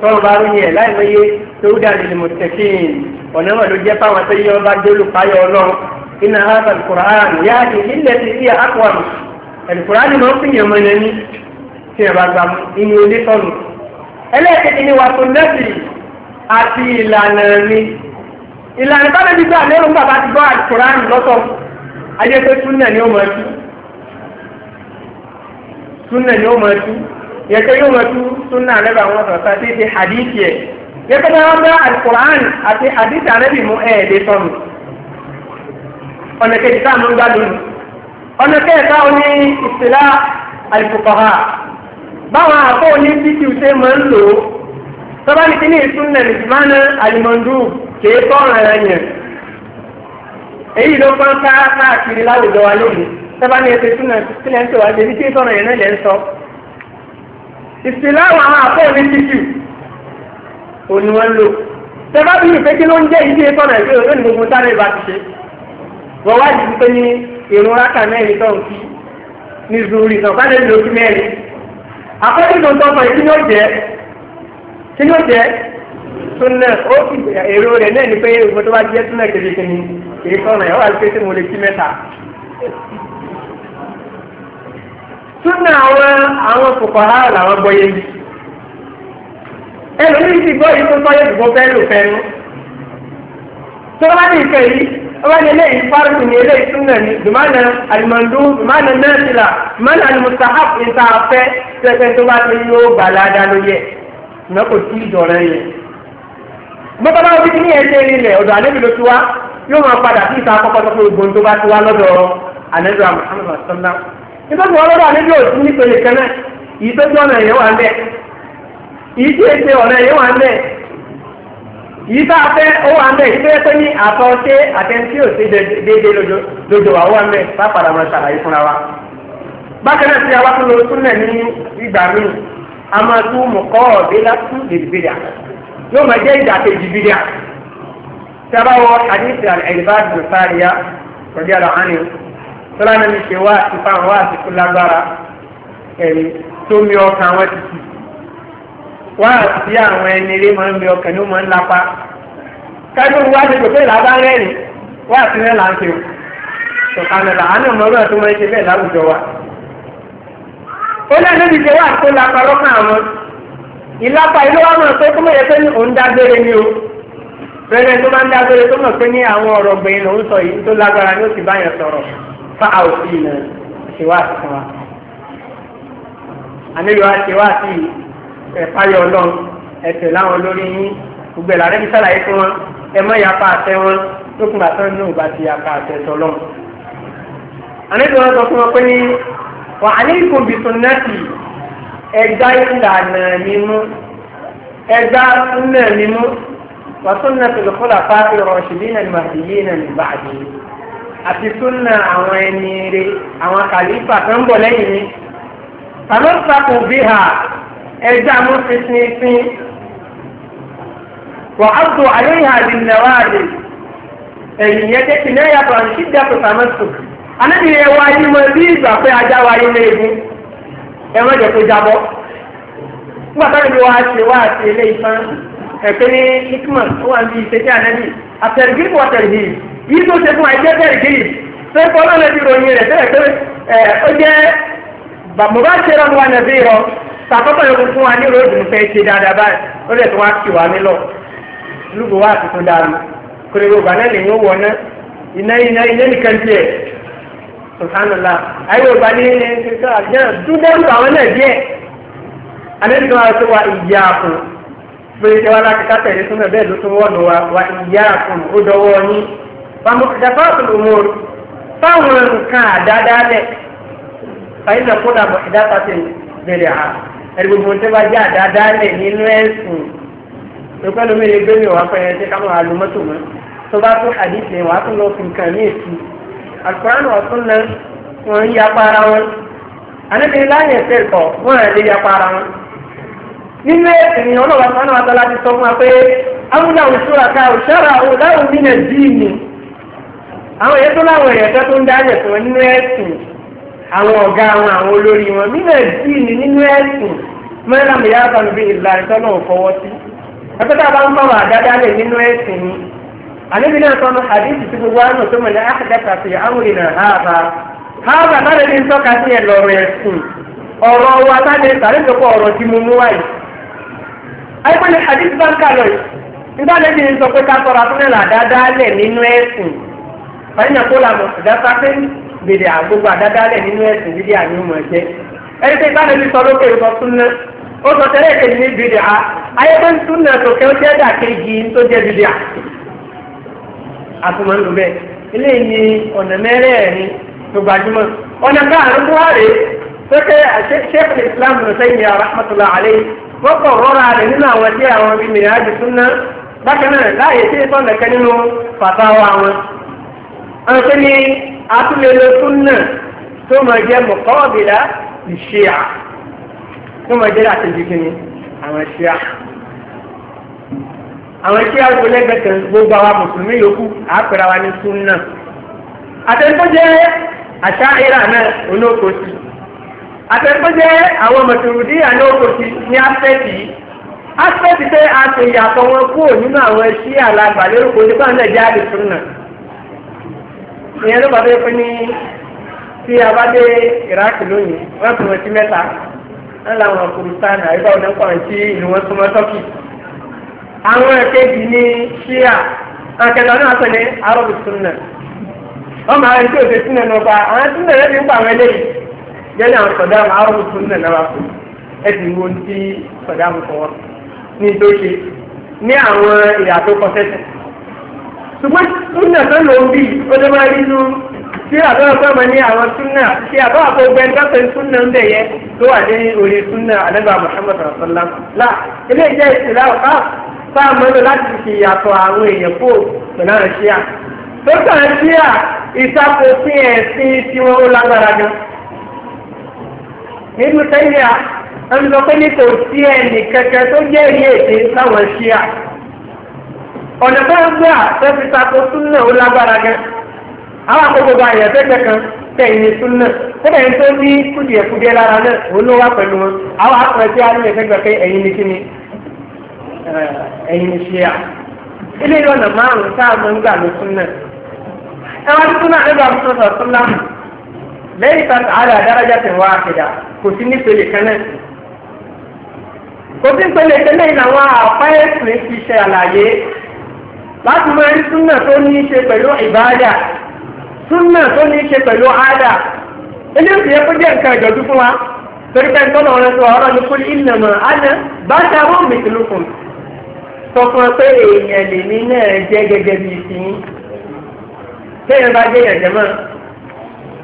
tọ́lọ̀ bá rí yẹn láì mẹ́yẹ tó dàdí lè mọ̀tẹ́kìn ọ̀nà wọn ló jẹ́ fáwọn tó yẹ ọba délù páyọ ọlọ́run iná hábà kùrán yá àti ilẹ̀ ti sí àkọ́ọ̀mù ẹ̀dùkùrán ni wọ́n fìyàn mọ́ yẹn ní tí ẹ bá gbà mú inú ilé tọ́nu. ẹlẹ́ẹ̀kejì ni wà tó nẹ́ẹ̀sì àti ìlànà mi ìlànà bá lẹ́bi gbà lérò bàbá ti gbọ́ àkùrán lọ́tọ̀ ayé pé túnẹ̀ ni ó mọ̀ ẹ́ yake yi máa suna súnà wọn sọ̀tà tí ti hadith yẹ yẹtẹ náà wọ́n bá alukur'an mu ẹ̀ lè sọnù ọ̀nà kejì táà ló ń gbádùn nù ọ̀nà kẹta oní ìsìlá báwọn oní títí máa ń lò ó ní kíní yẹn èyí ló ká káàkiri láwùjọ wa lónìí tọ́ba ní ẹsẹ̀ súnà sílẹ̀ ń tẹ̀wá ṣe yẹn ìsìláwà àwọn àpò ní títì òní wọn lò tẹ́fà bí ìpè kí ló ń jẹ́ ìdí ẹ̀kọ́ nàìjíríà ló ní gbogbo sáré ìbá ti ṣe wọ́n wá jù pé ní ìrún rákà mẹ́rin tó ń fi ní zuri náà bá lè lò sí mẹ́rin àkọ́kọ́ tó ń tọ́ sọ kí ni ó jẹ́ kí ni ó jẹ́ súnà ó fi èrò rẹ̀ náà ní pé ìgbọ́n tó bá jẹ́ kékeré kí ni èyí wà lókè tí mo lè kí mẹ́ta súnà àwọn àwọn a làwọn gbọ́yé bí ẹlòmíì ti gbọ́ yìí tó sọ́yẹ́ tó fẹ́ lò fẹ́nu tó bá ní yìí wọ́n ní eléyìí fárùkù ní eléyìí súnà ní dùmánà dùmánà dùmánà tẹ́tẹ́ tó bá ti yóò gbà ládàá ló yẹ tí ì gbọ́dọ̀ bá ẹ̀ṣẹ́ ọ̀dọ̀ ló ti wá yóò máa padà sí ìta tó fi bá ti wá lọ́dọ̀ ìtọ́jú wọn lọ́dọ̀ àníbí òsì nípele kan náà ìtọ́jú ọ̀nà yẹn wà ń bẹ̀ ìyí tí èsè ọ̀nà yẹn wà ń bẹ̀ yìí tá a fẹ́ ó wà ń bẹ̀ yìí fẹ́ pé ní àtọ̀ ṣe àtẹ̀ntí ò sí déédéé lójó wa ó wà ń bẹ̀ bá padà wọn ṣàlàyé fúnra wa. bákan náà tí a wá lọ súnlẹ̀ ní ìgbà míì a máa tún mú kọ́ ọ̀dé látún dèbìdìà yóò máa jẹ́ ìjà kejì bìdìà. tí a bá wọ àdéhùn àlẹ́ ìbá dùn sáà tọ́lá náà ní ṣe wá àti fáwọn wá àti kúlágbára ẹ̀rí tó mi ọkàn àwọn ti ti wá àti àwọn ẹni eré máa ń mi ọkàn ní ó máa ń lapa kájú wá ti kò fẹ́ làbá rẹ́rìn wá àti rẹ́ là ń ṣe ṣọ̀kanàlà àánú ọmọlúwà tó máa ń ṣe bẹ́ẹ̀ láwùjọ wa. ó náà níbi ṣe wá àti lápa lọ́kàn àwọn ìlápa ìlú wa máa pé kọ́mọ̀ yẹ pé òun dágbére ni o rẹ́rẹ́ tó máa ń dágbére tó mọ̀ pé ní àwọn ọ̀rọ̀ gbẹ̀yìn lòún sọ yìí tó lágbára ni ó sì báyẹn sọ̀rọ̀ fáàrù sí ilẹ̀ ṣèwádìí fún wa àníyàn ṣèwádìí ẹ̀fáyọ̀ ọlọ́run ẹ̀tẹ̀ láwọn olórí yín gbogbo ẹ̀là rẹ̀ sàlàyé fún wọn ẹ mọ́ ìyapa àtẹ wọn lókun bàtọ́ nínú ìgbà ti ìyapa àtẹ tọ́lọ́run. àníyàn wọn sọ fún wọn pé ní wà á ní ìkùnbí sunnati ẹgbá ìlànà mímú ẹgbá ńlẹ̀ mímú wà sunnati lọ́kọ́lá fáfi rọ̀ ṣìlínà ìmàdìyí náà nígbà àdìyí àti súnà àwọn ẹni rẹ àwọn kàlífà tó ń bọ̀ lẹ́yìn mi. kàlọ́sà kò bí ha ẹja mú fífífín. wà á tó àyẹ̀yìn àdìnnàwá àdè ẹ̀yìn yẹn jẹ́ kìnìún yàtọ̀ àti ṣídìí àtọ̀ sàmẹ́sùn. anábì ẹ wá yí mọ bí ìgbà pé ajá wa yí léegun ẹ má jẹ́ kó jábọ́. nígbà táwọn ìlú wa ṣe wá àti ilé ìfọ́n ẹ̀pẹ́ ní hikman ó wà níbi ìṣẹ́jẹ́ ànábì àtẹ̀rẹ̀gí yìí tó ṣe fún àìjẹ́ bẹ́ẹ̀ gé yìí sẹ́kọ̀ náà lè fi ròyìn rẹ̀ tẹ́lẹ̀ pé ó jẹ́ bàbá ṣe rán wa nàbí rọ sàkọ́tọ̀ yòókù fún wa ní ròdù fẹ́ ṣe dáadáa báyìí ó lè tó wá kì wá nílọ lùgbò wá tuntun dáa mi kúrò gbogbo àná lè yín wọ̀ ná iná iná iná nìkan tiẹ̀ subhanallah ayé ògbà ní àjẹ́ dúdẹ́rù àwọn náà díẹ̀ àdéhùn فمحدثات الأمور فمن كان ذلك فإن كل محدثة بدعة ẹgbẹ̀gbọ̀n tó bá jẹ́ àdáadáalẹ̀ nínú ẹ̀sùn ìpẹ́lú mi lè gbé mi wàá pẹ̀lú ẹ̀ṣẹ́ káwọn àlùmọ́tò mọ́ tó bá tún àdìsẹ̀ wàá tún lọ fi nǹkan ní èsì àkùránù ọ̀tún náà wọ́n ń yapa ara wọn àníbi láyé ẹ̀sẹ̀ kọ̀ wọ́n rẹ̀ lè yapa ara wọn. nínú ẹ̀sìn ni ọlọ́wà sọ́nà wa tọ́lá àwọn èyí tó láwọn èèyàn tó tó ń dáyẹ̀ tó nínú ẹ̀sìn àwọn ọ̀gá wọn àwọn olórí wọn nínú ẹ̀sìn nínú ẹ̀sìn mẹ́rin àmì yára kan bí ìlà ìtọ́nà òfọwọ́ sí bá nínú ẹ̀sìn ni àníbi náà sọnù àdéhùn tí gbogbo àwọn tó mọ̀lẹ́ àkàdàkà sí àwọn ìnà ààbà ààbà táwọn ẹni tọ́ka sí ẹ̀ lọ́rọ̀ ẹ̀sìn ọ̀rọ̀ wa táwọn ẹni sàrẹ́ ìjọpọ̀ ọ̀rọ̀ tí mo mú wáyé àìpẹ́lẹ̀ àdéhùn fàyínà kó làmọ̀ ìdásá pé gbèdè àgbogbo àdádálẹ̀ nínú ẹ̀sìn dídí àní ọmọ ẹ̀jẹ̀ ẹni pé ìbáná mi sọ lókè ìbọn súnlẹ̀ ó sọ tẹ́lẹ̀ kejì ní gbèdè à ayé pé súnlẹ̀ tòkè ó jẹ́ dà kejì tó jẹ́ gbèdè à àtùmọ̀ ńlùbẹ̀ ilé ní ọ̀nà mẹ́rẹ̀ẹ̀rin tó gbajúmọ̀ ọ̀nà káàrin buhari tó kẹ́ sheikh islam nusaymi rahmatulah alayhi wọ́n kọ̀ rọ́ra rẹ̀ nínú àwọn tí àti ní atúlélé súnà tó máa jẹ́ mọ̀kọ́bìlá ìṣíà tó máa jẹ́ láti jíkí ni àwọn ṣíà àwọn ṣíà gbólẹ́gbẹ̀ẹ́ kan gbogbo àwa mùsùlùmí yòókù àpẹẹrẹ wa ní súnà àtẹ̀tọ́ jẹ́ àṣà ìrà náà onókòsí àtẹ̀tọ́ jẹ́ àwọn mọ̀tòrúdí ànókòsí ní aspect yìí aspect pé a wọn kúrò nínú àwọn ṣíà lágbàlérò kò ní ìyẹn ló bàbá pé ní tí a bá dé Iraq lónìí wọ́n pè wọ́n sí mẹ́ta wọ́n làwọn kùrùsán àyíká ọ̀dọ́ kan sí ìlú wọn súnmọ́ tọ́kì àwọn ẹ̀kẹ́jì ní ṣíà akẹ́kọ̀ọ́ náà sọ ní arọ́bù súnà wọ́n máa ń tí òṣè súnà náà pa àwọn súnà rẹ̀ ti ń pa àwọn eléyìí jẹ́ni àwọn sọ̀dáàmù arọ́bù súnà náà wà fún wo ti ní ní àwọn ṣùgbọ́n súnà tó lò ń bì ọdún máa tí àbáwọ̀ pẹ́ ní àwọn súnà tí àbáwọ̀ ọgbẹ́ ńdọ́pẹ́ súnà ń bẹ̀ yẹ tó wà ní orí súnà àdẹ́gbà Muhammad rasulillah la ilé iṣẹ́ ìṣẹ̀lá ọ̀ká sáà mọ́lò láti fi yàtọ̀ àwọn èèyàn kó pẹ̀lú àwọn tó kàn ṣíà ìtakòfin ẹ̀sìn tiwọn ó lágbára gan nínú sẹ́yìn à ń nítorí ẹnì kẹ̀kẹ́ ọ̀nà tó ń gbé àtẹ́fi tako súnà ó lágbára gan àwọn àkókò bá yẹ fẹ́gbẹ́ kan tẹ̀yìn súnà fẹ́gbẹ́ yẹn tó ní kùdìẹ̀kùdìẹ̀ lára náà òun ló wá pẹ̀lú wọn àwọn àpẹẹrẹ tí a ní ẹ̀fẹ́gbẹ́ pé ẹ̀yin ni kí ni ẹ̀yin ni ṣe à ilé ìrọ̀nà márùn-ún tá a máa ń gbà ló súnà ẹwà tó súnà nígbà tó sọ súnà lẹ́yìn tá àlà dárájà tẹ̀ wá àkìdá kò sí nípele kan náà kò sí nípele kan náà ìlànà àpáyẹ̀sì ti ṣe àlàyé láti mọ ẹni súnà tó ní í ṣe pẹ̀lú ìbáàdà súnà tó ní í ṣe pẹ̀lú àádà eléyìí yẹ kó jẹ́ nǹkan ìjọ́jú fún wa torí pé ntọ́nà ọ̀rẹ́ sọ ọ̀rọ̀ ní kúlí ìnàmọ̀ àná bá ṣe àwọn mìtìlú fún sọ fún ẹ pé èèyàn lèmi náà jẹ́ gẹ́gẹ́ bíi tìyín téèyàn bá jẹ́ ìyànjẹ́ mọ́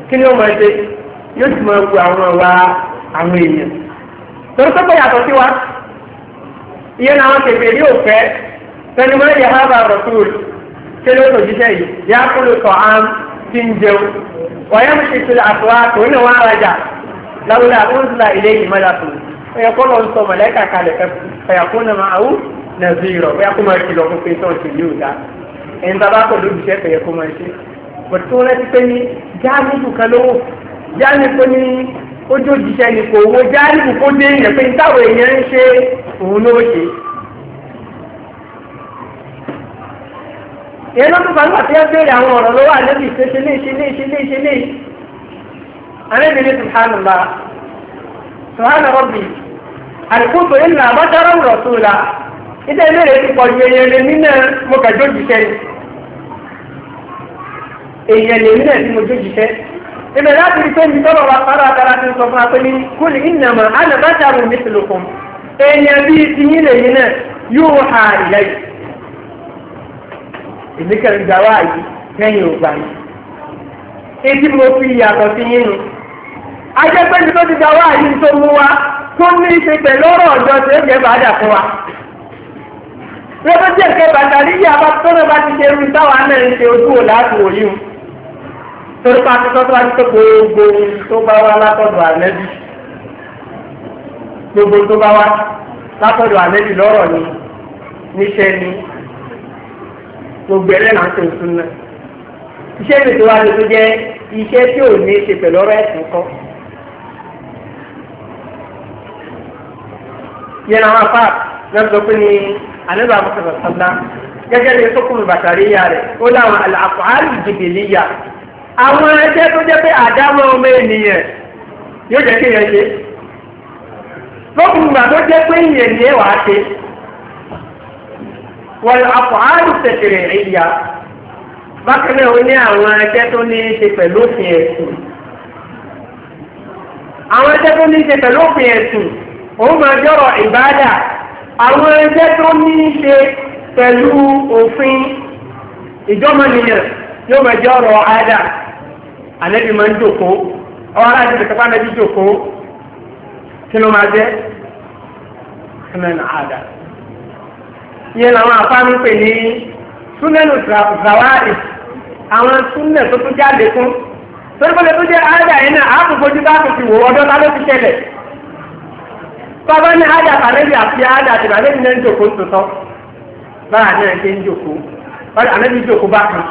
kí ni ó máa ṣe yóò sì máa wu àwọn ọ̀wà àwọn èèyàn torí pé pé yàtọ̀ sí wa ìyẹn làwọn kèfèrí ò fẹ́ tẹni mọ́ yẹ ha bá rọ̀tún ṣé ló tó jíṣẹ́ yìí yá kúlù tọ̀ án tí ń jẹun wọ́yẹ́ mú ṣètò àtúwá tó ní wọ́n arajà láwùlá àkóńsílà ilé yìí mọ́lá tó ẹ̀yẹ kọ́ lọ ń sọ mọ̀lẹ́kà kalẹ̀ ẹ̀yàkún náà máa wú nàbí rọ̀ bóyá kó máa kìlọ̀ fún ojú òjíṣẹ́ ni kò owó jáàmùbù kó dé èèyàn pé èèyàn ń ṣe òun ló ṣe èyí ló tún fa tí wọ́n béèrè àwọn ọ̀rọ̀ lọ́wọ́ àlébì ṣe ṣe ní ṣe ní ṣe ní ṣe ní. àlébì ní subhanallah subhana rabbi àlùkùtù ìlà àbájára ń rọ̀tù la ilé ilé rẹ̀ ti pọ̀jù èyàn lè nínú mo kà jójìṣẹ́ èyàn lè nínú ẹ̀sìn mo jójìṣẹ́ ibẹ̀ láti rí pé tọ́lọ̀ wa sára àtàrà ti sọ fún apẹ́ni kúlì ìnàmọ̀ àlùbáṣà rò mí sílùkùn èyàn bíi ti yín lè yín náà yóò ha ìlẹ́yìn èmi kẹrin gbà wá yìí lẹ́yìn ògbà yìí etí mo fi yàtọ̀ sí yín nu ajẹ́pẹ́ni tó ti gbà wá yìí tó mú wa tó ní í ṣe pẹ̀lú ọ̀rọ̀ ọ̀jọ́ tó ń jẹ́ bàdà fún wa lọ́dọ̀ díẹ̀ kẹ́ bàtàrí yìí àbá tọ́lọ́ bá ti ṣe irú táwa náà ń ṣe ojú ò láti wò yìí o torí pa akẹ́kọ̀ọ́ tó bá ti tó gbogbo tó bá wá látọ̀dọ̀ àlẹ́bí gbogbo tó bá wá látọ̀dọ̀ àlẹ́bí lọ́rọ̀ ni níṣẹ́ ni gbogbo ẹ̀rẹ́ náà ṣe òfin náà iṣẹ́ mi tó wá ṣe tó jẹ́ iṣẹ́ tí ò ní ṣe pẹ̀lú ọ̀rọ̀ ẹ̀sìn kọ́ yẹn àwọn afá lọ́dọ̀ pé ní ànábà àbúkọ̀tà sábà gẹ́gẹ́ bí sọ́kùnrin bàtàrí ya rẹ̀ ó láwọn àlàfo àlùjìbìlì ya àwọn ẹgbẹ́ tó jẹ́ pé àdámọ́ ọmọ ènìyàn yóò jẹ́ kí yẹn ṣe lọ́kùnrin bàtà tó jẹ́ pé ìyẹn ni ẹ wàá ṣe wọ́n afọ̀hálù tẹ̀tẹ̀rẹ̀ ìyá bákan náà ó ní àwọn ẹgbẹ́ tó ní í ṣe pẹ̀lú òfin ẹ̀sùn àwọn ẹgbẹ́ tó ní í ṣe pẹ̀lú òfin ẹ̀sùn òun máa jọ̀rọ̀ ìbáàdà àwọn ẹgbẹ́ tó ní í ṣe pẹ̀lú òfin ìjọ́mọ̀nìyàn yóò máa jọ̀rọ̀ àdà àlẹ́bí máa ń jòkó ọwọ́ aláàjì lè kápá àlẹ́bí jòkó kí ló máa jẹ́ kí ló ìyẹn làwọn afáàmì pè ní súnẹ́nù zawari àwọn súnẹ̀ tó tún jáde fún torípọ̀lẹ̀ tó jẹ́ ájà yìí náà àbùgbójú bá fi wò ọdọ́ ta ti ṣẹlẹ̀ bàbá ní ájà àti náà ń jòkó ń tòótọ́ náà ṣe ń jòkó náà ń jòkó bá kan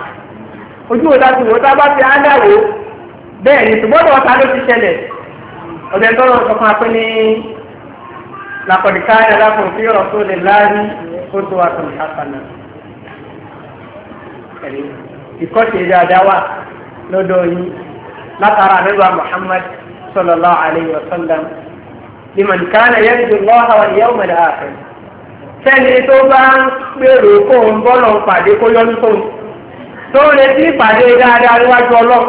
ojú wo láti wò tá a bá fi ájà wò bẹ́ẹ̀ ni ṣùgbọ́n ọ̀dọ̀ ló ti ṣẹlẹ̀ ọ̀dẹ̀ sọ لقد كان لكم في رسول الله قدوة حسنة ìkọ́ṣe dáadáa wà lọ́dọ̀ yín látara àdúrà muhammad sallallahu alayhi wa sallam liman kana yarju allaha wal yawmal akhir sẹ́ni tó bá ń gbèrò kó ń bọ́lọ̀ pàdé kó yọ́nú tó ń tó ń retí pàdé dáadáa níwájú ọlọ́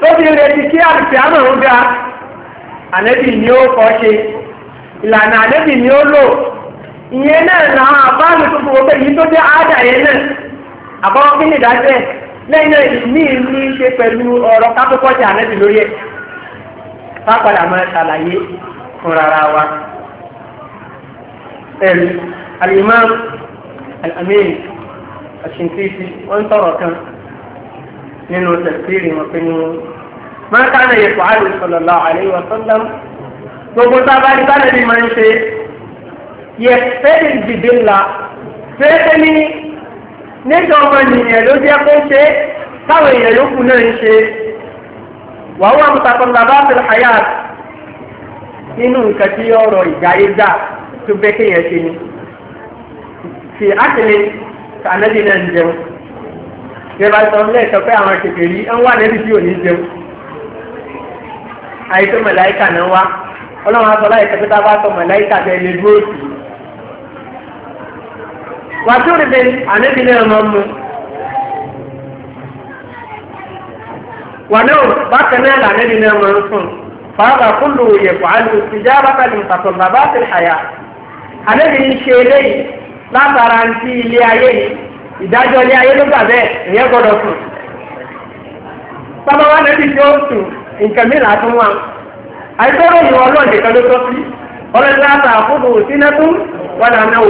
tó fi retí kí àti àmọ̀ ń ga ànẹ́bì ni ó kọ́ ṣe ìlànà àdébì ni ó lò ìyẹn náà làwọn àbáàlù tó fowó pé yìí tó jẹ́ àádà yẹn náà àbáwọn kí ni ìdájẹ́ lẹ́yìn náà ìmí ní í ṣe pẹ̀lú ọ̀rọ̀ kápẹ́kọ́jà àdébì lórí ẹ̀ bá padà máa ṣàlàyé fún rárá wa. alimam alamin aṣintisi wọ́n ń kan nínú tẹ̀síìrì wọn pinnu. ما كان يفعل صلى الله عليه وسلم gbogbo tá a bá ní sáré ní ma ń ṣe yẹ fẹ́ẹ́ dìde ńlá fẹ́ẹ́ ní nígbà ọmọ ènìyàn ló jẹ́ kó ṣe táwọn èèyàn yòókù náà ń ṣe wàá wà mùtàkùn làbá àti hayat inú nǹkan tí ọ̀rọ̀ ìgbàyégbà tó bẹ́ kéèyàn ṣe ni fi ákìlẹ̀ kànáàbì náà ń jẹun ìjọba sọ lẹ́ẹ̀kan pé àwọn kékeré ń wà níbi tí ò ní jẹun àìsàn mọ̀láìkà náà wá ọlọ́run aṣọ láì tẹ́tẹ́ tá a bá sọ mọ̀láìkà bẹ́ẹ̀ lè dúró sí i. wàtúrì bẹ́ẹ̀ ànábì náà máa mú. wàlẹ́ bákan náà lànábì náà máa ń sùn fàábà kúlù yẹ̀kọ́ àlù ìjà bàtà lè mùtàtọ̀ bàbá ti hàyà. ànábì ń ṣe eléyìí látara ń ti ilé ayé yìí ìdájọ́ ilé ayé ló gbà bẹ́ẹ̀ ìyẹn gbọ́dọ̀ sùn. sábà wà nẹ́bí tí ó sùn nǹkan mìíràn àtúnwá. àìsọ́rọ̀ ìwọ ọlọ́run nìkan ló sí ọlọ́run láta àkókò sínú tó wọ́n náà náà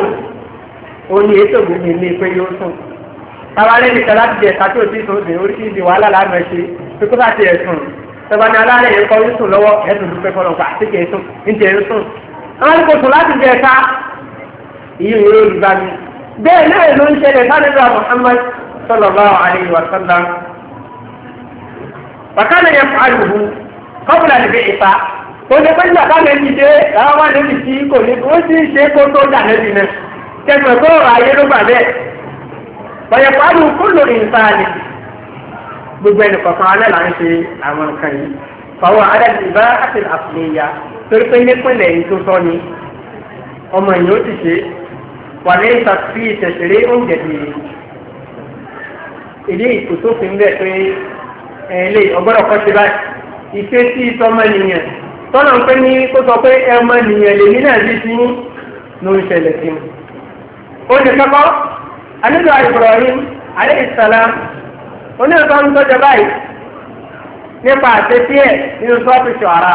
ò ní ètò gbogbo ilé pé yóò sùn tabalẹ̀ nìkan láti jẹ ìta tí ò sí sùn dé wàhálà lánàá ṣe láti alárẹ̀ yẹn kọ́ sùn lọ́wọ́ ẹ̀sùn sùn sùn àwọn sùn láti jẹ ìyí ìwé olùgbà mi bẹ́ẹ̀ náà ló ń ṣẹlẹ̀ Muhammad bàkánà yẹn kọ́bùlà ó ṣe pé nígbà táwọn ẹbí dé àwọn wà níbi tí kò ní ó sì ń ṣe kó tó dà lẹ́bi náà kẹsàn án tó ọ̀rọ̀ ayé ló bà bẹ́ẹ̀ bọ̀yẹ̀ pàdù kúlò ìsáàlì gbogbo ẹnì kọ̀ọ̀kan alẹ́ là ń ṣe àwọn nǹkan yìí fàwọn adájú ìbá àti àfìlẹ́yà torí pé nípìnlẹ̀ yìí tó tọ́ ni ṣe wà ní ìtàkì ìtẹ̀sẹ̀rẹ́ oúnjẹ tọ́nà ń ní kó sọ pé ẹmọ ènìyàn lèmi náà bí ti ní ló ṣẹlẹ̀ sí mi. anílò Ibrahim alayhi salam onígbà ń tọ́jọ báyìí nípa àtẹ́tí ẹ̀ nínú sọ́ọ̀tù ṣọ̀ara.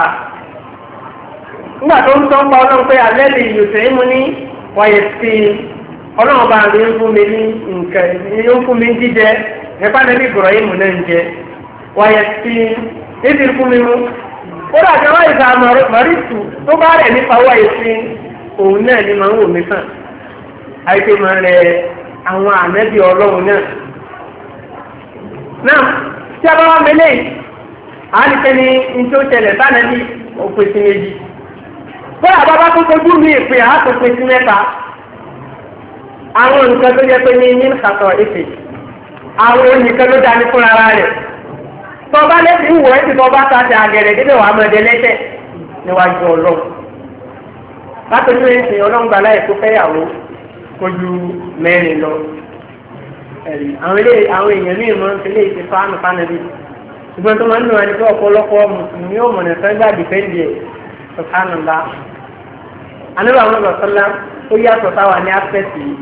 nígbà tó ń tọ́ pa ọlọ́run pé alẹ́ lè yòtẹ́ mú ní wọ̀nyẹ̀ sí i ọlọ́run bá ń fún mi ní nǹkan ń fún mi jíjẹ nípa kódà tí wọ́n ìgbà mọ̀rìtù tó bá rẹ̀ nípa owó ẹ̀sìn òun náà ni màá ń wò mí sàn àìpé máa rẹ àwọn àmẹ́bí ọlọ́run náà. náà tí a bá wá mẹ́lẹ̀ yìí a ní ní tí ó ṣẹlẹ̀ ní òpin méjì kódà bá tó tójú mi ìpè àtòpin mẹ́ta àwọn nǹkan tó yẹ pé ní yín kàtọ̀ ìpè àwọn nǹkan ló dání fúnra tọba lẹ́sìn ìwò ẹ̀ tí tọba ta ti àgẹ̀rẹ̀ débẹ̀ wàá mọ ẹ̀dẹ̀ lẹ́sẹ̀ níwájú ọlọ́run bákan nínú ẹ̀sìn ọlọ́run gbàlá ẹ̀ tó fẹ́yàwó kojú mẹ́rin lọ àwọn ilé àwọn èèyàn ní ìmọ̀ ń tẹ́lẹ̀ ìṣe fáánù fáánù bí ṣùgbọ́n tó máa ń nù ẹni pé ọ̀pọ̀lọpọ̀ mùsùlùmí ò mọ̀nà fẹ́ gbà dìfẹ́ǹdì ẹ̀ sọ̀tánù ńlá anábà àwọn ọ̀sánlá ó yàtọ̀ sáwà ní áfẹ́sì yìí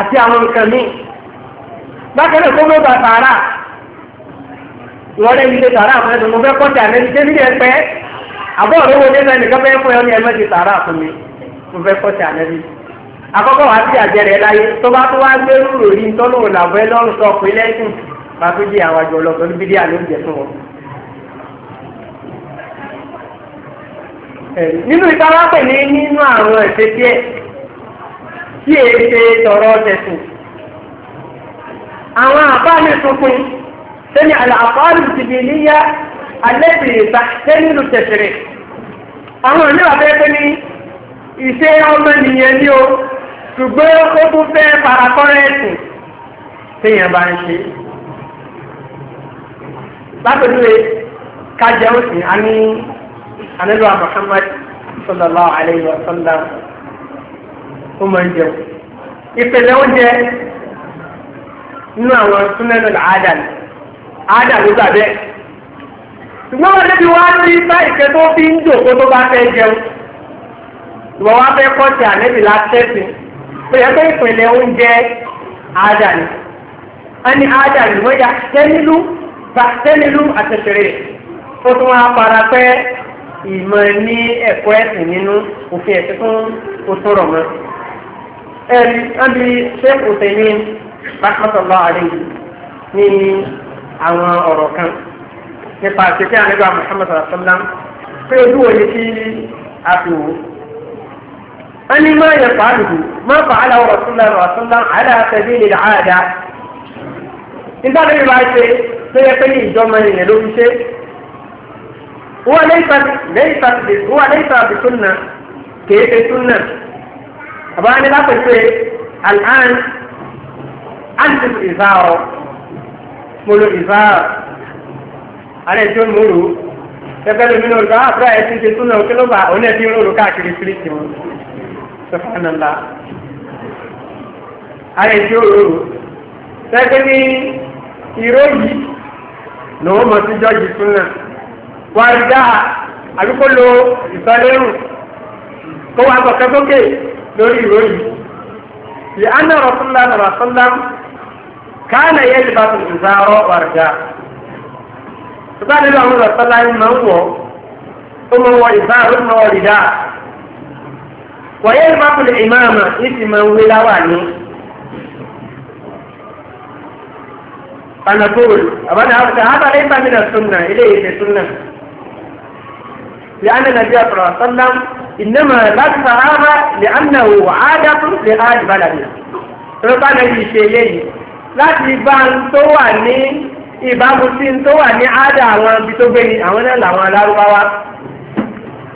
àti àwọn nǹkan míì bákan lọ́rẹ́ ilé sàrà fún ẹ̀dùn mo fẹ́ kọ́ tà lẹ́nu ṣé nílẹ̀ pẹ́ àbọ̀ ọ̀rẹ́ wo dé sẹ́ni kọ́fẹ́ fún ẹ ní ẹ̀mẹ́ ti sàrà fún mi mo fẹ́ kọ́ tà lẹ́nu. àkọ́kọ́ wàá sí àjẹrẹ láyé tó bá tó wá gbé rúrò rí ntọ́nù làbẹ́ lọ́rùn sọ pé lẹ́sìn máa tó jẹ́ àwọn àjọ ọlọ́gbọ́n níbi díà ló ń jẹ fún wọn. nínú ìtara pè ní nínú àwọn ẹ̀sẹ̀ tiẹ̀ tí èé ṣe tọ̀rọ̀ tẹ̀sùn سمع العقارب السجينية التي تحتمل التشريع àwọn ìlú àbẹ́ẹ̀kẹ́ ní iṣẹ́ ọmọ nìyẹn ní o ṣùgbọ́n ó tún fẹ́ farakọ́rẹ́ ẹ̀sìn téèyàn bá ń ṣe lápẹ̀lúwe kájẹ òsì a ní anílùwà Muhammad sallallahu alayhi wa sallam ó máa ń jẹun ìpìlẹ̀ oúnjẹ nínú àwọn súnmẹ́nù làádàá ádà ló gbà bẹ́ẹ̀. ṣùgbọ́n wọn débi wá sí sáìkẹ́ tó fi ń jòkó tó bá fẹ́ jẹun ìwọ wá fẹ́ kọ́ọ̀tì ànẹ́bì látẹ́sìn pé ẹ pé ìpìlẹ̀ oúnjẹ ádà ni a ní ádà ni wọ́n yà tẹ́nilú bá tẹ́nilú àtẹ̀sẹ̀rẹ̀ ó tún wá fara pẹ́ ìmọ̀ ní ẹ̀kọ́ ẹ̀sìn nínú òfin ẹ̀sìn fún oṣù rọ̀ mọ́ ẹ̀rí ṣé kò tẹ̀yìn bá kọ́sọ̀ lọ́ ní àwọn ọ̀rọ̀ kan nípa àṣekẹ́ àníbà Muhammad sàlá pé ojú òye kí a fi wò. wọ́n ní máa yẹ fàálùkù máa fà áláwọ̀ rọ̀túnlá rọ̀túnlá aláàtẹ̀bí lè àádá. nígbà tó yẹ bá ṣe tó yẹ pé ní ìjọba ilẹ̀ ló fi ṣe. wọ́n lẹ́yìn tàbí súnà kìí ṣe súnà. àbáyé lápẹ̀ṣe àlàn àti ìzáàrọ̀ mo lo ìfáà alẹ́ tí ó mú rò gẹ́gẹ́ lómi náà lọ́wọ́ àbúrò ẹ̀ ti ṣe túnà kí ló bá òun ẹ̀ fi ń rò káàkiri fíríkì wọn sọfánàlá alẹ́ tí ó rò gẹ́gẹ́ ní ìró yìí lòun mọ̀ sí jọ́ọ̀jì túnà káàlẹ̀ yẹn lè bá tó ìzárọ̀ wàrgà ìgbà nílò àwọn ìrọ̀sọ́lá yìí máa ń wọ̀ ó máa wọ ìzárọ̀ ó máa wọ rìdá wọ̀nyẹ́ lè bá tó lè ìmáàmà ní ti máa ń wé láwà ní. فنقول أبدا هذا ليس من السنة إليه في السنة لأن النبي صلى الله عليه وسلم إنما لبس هذا لأنه عادة لآل بلده. فقال لي شيئين láti bá ń tó wà ní ìbámu sí ń tó wà ní ádà àwọn ibi tó gbé ni àwọn náà làwọn alárúbáwá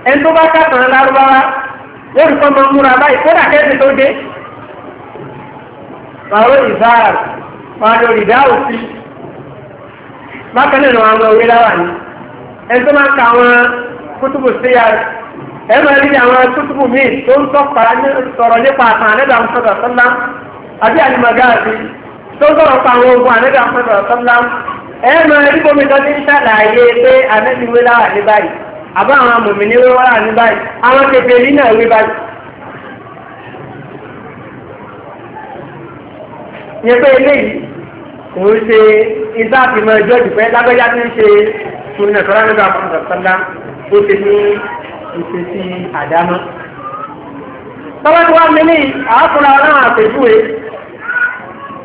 ẹni tó bá kàtàn alárúbáwá wọ́n rí kọ́mọ múra báyìí kó dà kẹ́sì tó dé pàrọ̀ ìzáàrù pàrọ̀ ìdáhùn sí bákan náà àwọn ọmọ orí láwà ní ẹni tó máa ń ka àwọn kútùbù sí yàrá ẹ máa rí àwọn kútùbù míì tó ń sọ̀rọ̀ nípa àtàn àlẹ́dàá ń sọ̀rọ̀ sọ́lá àbí àlùmọ̀gáàsì tó sọ̀rọ̀ pa àwọn ogun àlejò àpẹẹrẹ ọ̀sánlá ẹ mọ ẹbí bomi tó ti ń ṣàlàyé pé àlejò wé láwà ní báyìí àbá àwọn amòmìnir wé wà ní báyìí àwọn kèfèrí náà wé báyìí. yẹ pé eléyìí kò ń ṣe ìdá àfihàn ẹjọ́ ìdìpẹ́ lágbẹ́já ti ń ṣe sunna tó rán nígbà fún ọ̀sánlá ó ti ní ìṣesí àdámọ́. tọ́wọ́ tí wọ́n mi ní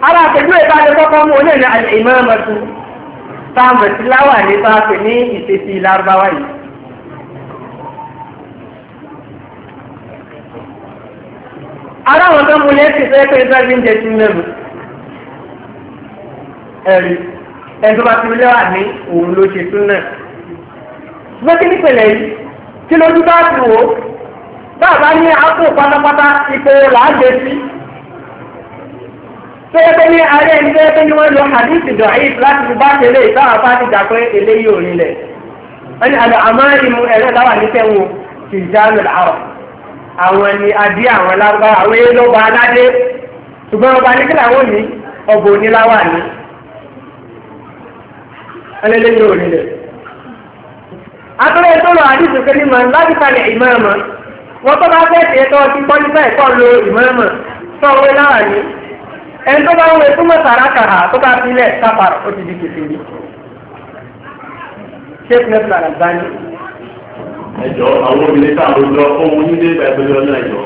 ara àpèjú ẹ̀ka ni kọ́kọ́ mú oní ìrìn àìmọ́mọ́tò táàmù sí láwà ní sáàpè ní ìṣesí lárúbáwá yìí. ara àwọn tó mú yẹn ti fẹ́ pé sẹ́ẹ̀sì ń jẹ sí mẹ́rin ẹ̀rí ẹ̀sùn bá ti rí lẹ́wà ní òun ló ṣe tún náà. lókè nípìnlẹ̀ yìí kí lójú bá ti wò bá a bá ní àpò pátápátá ipò sí. tẹ́lẹ̀pẹ́ ní ààrẹ ẹni tẹ́lẹ̀pẹ́ ní wọ́n lọ hadithi da'if láti fi bá tẹ̀lé pé wọ́n ní àlọ́ àmọ́ ìmú ẹ̀rọ láwà ní ti àwọn ni adé àwọn àwọn ló ba aládé ṣùgbọ́n ọba ní kílà wọ́n ní ọ̀bọ̀ oníláwà ní ẹlẹ́lẹ́yìí ò nílẹ̀ àtúrẹ́ tó lọ hadithi láti kalẹ̀ ìmọ̀ọ́mọ́ wọ́n tó bá fẹ́ẹ́ ẹni tó bá ń wẹ̀ tó mọ̀ sàrà kàrà tó bá sílẹ̀ sáfàrà ó ti di kìfìrí sheikh nẹ́tìlá nàìjíríà. ẹjọ àwọn obìnrin tá a lò lọ ohun nílé ìgbàgbọ́jọ náà jọ.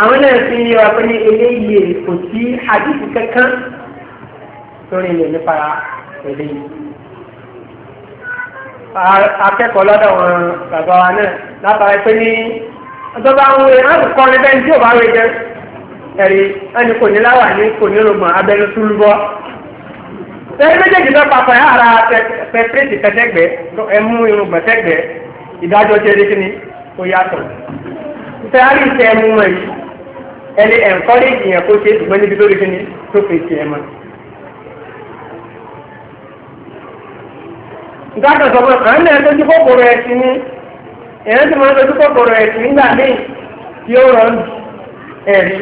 àwọn náà fi ní wa pé ní eléyìí kò sí àdìsí kankan lórí ilẹ̀ nípa eléyìí. akẹ́kọ̀ọ́ lọ́dọ̀ wọn bàbá wa náà látara pé ní ọjọ́ bá ń wẹ̀ láti kọ́ ni bẹ́ẹ̀ ní tí ò bá wẹ̀ ẹ̀rí ẹni kò ní láwà ní kò ní rògbòn abẹ́nu túlúbọ́. ẹni méjèèjì náà papọ̀ ẹ̀ ara pẹ̀pẹ̀tì kẹtẹ́gbẹ́ ẹmú irùngbọ̀n tẹ́gbẹ́ ìdájọ́ ti ẹni kíni ó yàtọ̀. sẹ́yárì tẹ ẹmu mọ̀ yìí ẹni ẹ̀ńkọ́rẹ́jì yẹn kó ṣe ṣùgbọ́n níbi lórí kíni tó fi ti ẹ̀mọ́. gbàgbọ́ sọ pé àwọn ẹ̀rọ tó ti kọ́kọ́rọ́ ẹ̀sìn ní ẹ̀rọ tó ti kọ́kọ́rọ́ ẹ̀sìn nígbà míì tí ó rọrùn ẹ̀rí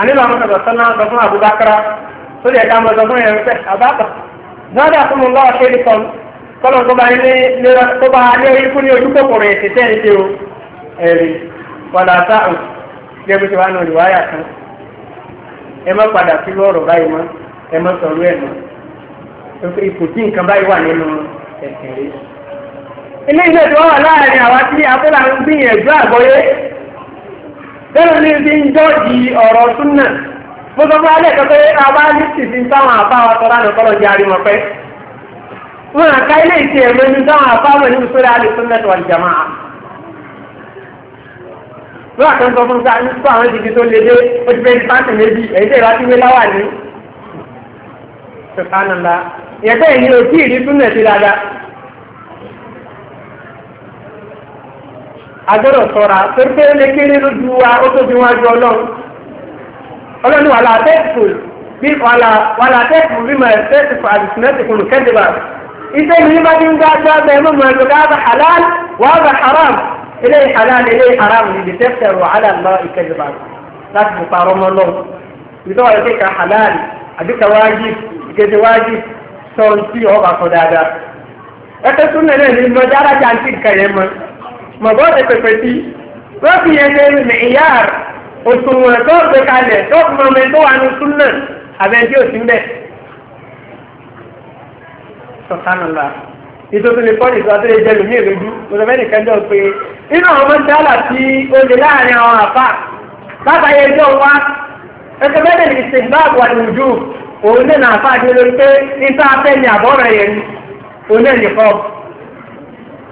àníbà àwọn ọ̀sán sọ́nà sọ fún àbúbákárá tó yẹ ká mọ̀ sọ fún ẹ̀rọ pẹ̀ àbábà náà fún mi lọ́wọ́ ṣe é kọ́ kọ́lọ̀ tó bá ní tó bá ní orí fún ní ojú kòkòrò ètè tẹ́ ẹ̀ ṣe o ẹ̀rì padà sáàrùn gẹ́gẹ́ tí wàá nà olùwáyà kan ẹ má padà sí lọ́rọ̀ báyìí mọ́ ẹ má sọ̀rọ̀ ẹ̀ mọ́ ipò tí nǹkan báyìí wà nínú ẹ̀sìn rẹ̀. ilé iṣẹ́ tí wọ́n wà láàárín àwa tí abúlà ń gbìyànjú àgbọ́yé lẹ́nu ní ti ń jọ́ọ̀jì ọ̀rọ̀ súnà mo sọ fún alẹ́ kan pé abá ní tìsí táwọn àbá wa sọ lánàá kọ́lọ̀ di arimọ̀ pẹ́ wọn àká ilé ìtì ẹ̀mẹ́ ní táwọn àbá wọn ní sórí alẹ́ súnà tó wà ní jàmá wọn àkàn sọ fún sáà ní sọ àwọn ìdíje tó lé ó ti fẹ́ di pàṣẹ méjì èyí tẹ̀ láti wé láwà ní sọ̀kánà ńlá ìyẹn tẹ̀ ní òtí ìdí agbọ́dọ̀ sọ̀ra pépé lè kéré lójú wa ó tó fi wájú ọlọ́run ọlọ́run wà látẹ́kù bí wà látẹ́kù bí mà ẹ̀sẹ̀tì fún àdìsínẹ́tì fún kẹ́dìbà iṣẹ́ mi bá ti ń gbá gbá bẹ́ẹ̀ mú mọ̀ ẹ̀lú káàbà halal wàhálà haram ilé halal ilé haram ní dìtẹ́kẹ̀rù wàhálà lọ ìkẹ́dìbà láti fi parọ́ mọ́ lọ ìtọ́ ẹ̀ kíkà halal àdìkà wájì ìkẹ́dì wájì sọ̀rọ̀ mọ̀gọ́dẹ pẹ̀pẹ̀ sí lọ́ọ̀fì yẹn ṣe mẹ̀ẹ́yà òṣùwọ̀n tó gbé kalẹ̀ tó mọ̀mọ́ tó wà ní súnà àbẹ̀ntí òsì ń bẹ̀. sọ̀tánàlá ìtòtò lè kọ́ ìtò àtẹ́lẹ̀ jẹ́ lómi ìrẹ́jú lọ́sọ̀fẹ́ni kẹjọ pé inú àwọn ọmọ dálà tí ó lè láàrin àwọn àfà látàyè ẹjọ́ wa ẹsẹ̀ mẹ́rin ní ìsìnbáàbò àlùjù òun náà àfà àdé lórí pé níta afẹ́ ni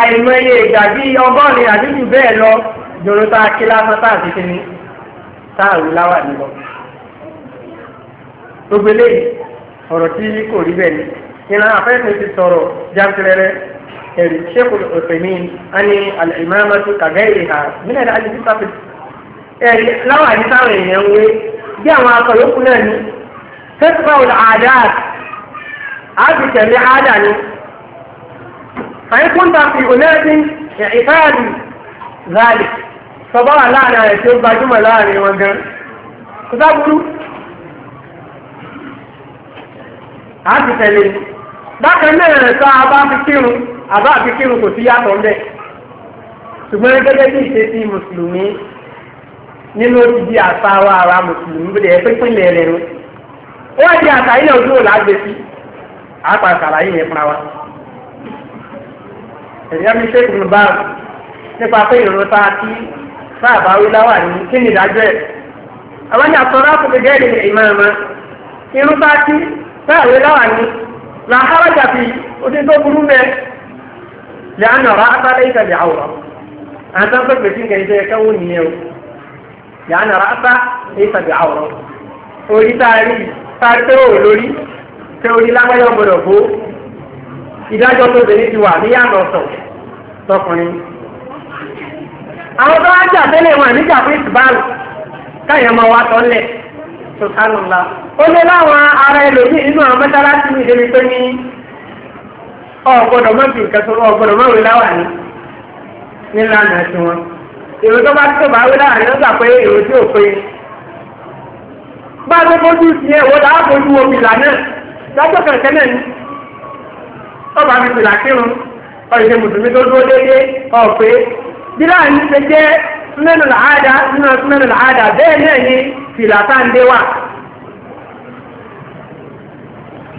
àìmọye ìgbà bí ọgọ́rin àdúgbò bẹ́ẹ̀ lọ tá a kí lásán tá ti ni tá láwà nílọ. gbogbo eléyìí ọ̀rọ̀ tí kò rí bẹ́ẹ̀ ni afẹ́fẹ́ ti sọ̀rọ̀ jáfẹ́rẹ́rẹ́ ẹ̀rí ṣẹ́kù ọ̀sẹ̀mí àní ní táwọn èèyàn فيكون في أناس اعتاد ذلك فبرا لا لا أنا وقال كتابه àti tẹ̀lé bákan náà sọ abá fi kírun abá fi kírun kò sí yàtọ̀ ń bẹ̀ ṣùgbọ́n gẹ́gẹ́ bí ìṣesí ti ara ẹ di lágbèsí ẹ̀yà mi ṣe ìgbìmọ̀ bá nípa pé ìrún ta kí sáàbà wíláwà ní kí ni ìdájọ́ ẹ̀. àwọn ní àtọ́rọ́ àkókò gẹ́gẹ́ ìdílé ìmọ̀-ẹ̀mọ́ irun ta kí sáàbà wíláwà ní làhárà jàpì odi tó burú mẹ́ lẹ́yìn ọ̀rọ̀ abálẹ́ ìtàlẹ̀ àwòrán àtàn pé pèsè nǹkan ìṣe ẹ̀kẹ́ nìyẹn o lẹ́yìn ọ̀rọ̀ abá àwòrán orí táàrí táàrí pé ó lórí tẹ orí lágbáyọ̀ ìdájọ́ tó bẹ̀rẹ̀ ti wà ní yàrá ọ̀sọ̀ tọkùnrin. àwọn tó wá jà tẹ́lẹ̀ wọn níjà fún ìsìbáàlù káyọ̀ máa wá tọ́lẹ̀ sọ̀tánùlá. ó lé láwọn ará ẹlòmíì nínú àwọn mẹ́tàlásì ní ìdẹ́mi pé ní ọ̀gbọ́dọ̀ mọ́ fi nǹkan sọ́wọ́ ọ̀gbọ́dọ̀ mọ́ wí láwà ní nílànà ẹ̀sìn wọn. èrò tó bá tó bá wí láwà ní ó gbà pé èrò tí ò pé. bá a tó fojú sí ẹ̀wọ́ dáàbò ojú omi ìlànà lọ́jọ́ kẹ̀kẹ́ náà ní ọba mi fìlà kírun ọ̀yẹ̀dẹ̀ mùsùlùmí tó dúró déédé ọ̀pẹ́ bí láàrin ṣe jẹ́ mẹ́nu làádá nínú mẹ́nu làádá bẹ́ẹ̀ náà ni fìlà sáńdé wà.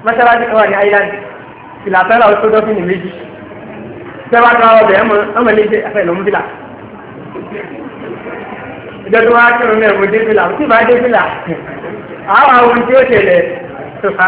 mọ́ṣáláṣí kan wà ní island fìlà sáńdé àwọn tó dọ́fìn ní méjì sẹ́wọ́n tó ọbẹ̀ ẹ̀mọ ọmọ ilé iṣẹ́ afẹ́ lòún fìlà. ìjọ tó wá kírun náà mo dé fìlà mo sì máa dé fìlà àwọn [laughs] àwọn ohun tí ó ṣẹlẹ̀ tó fà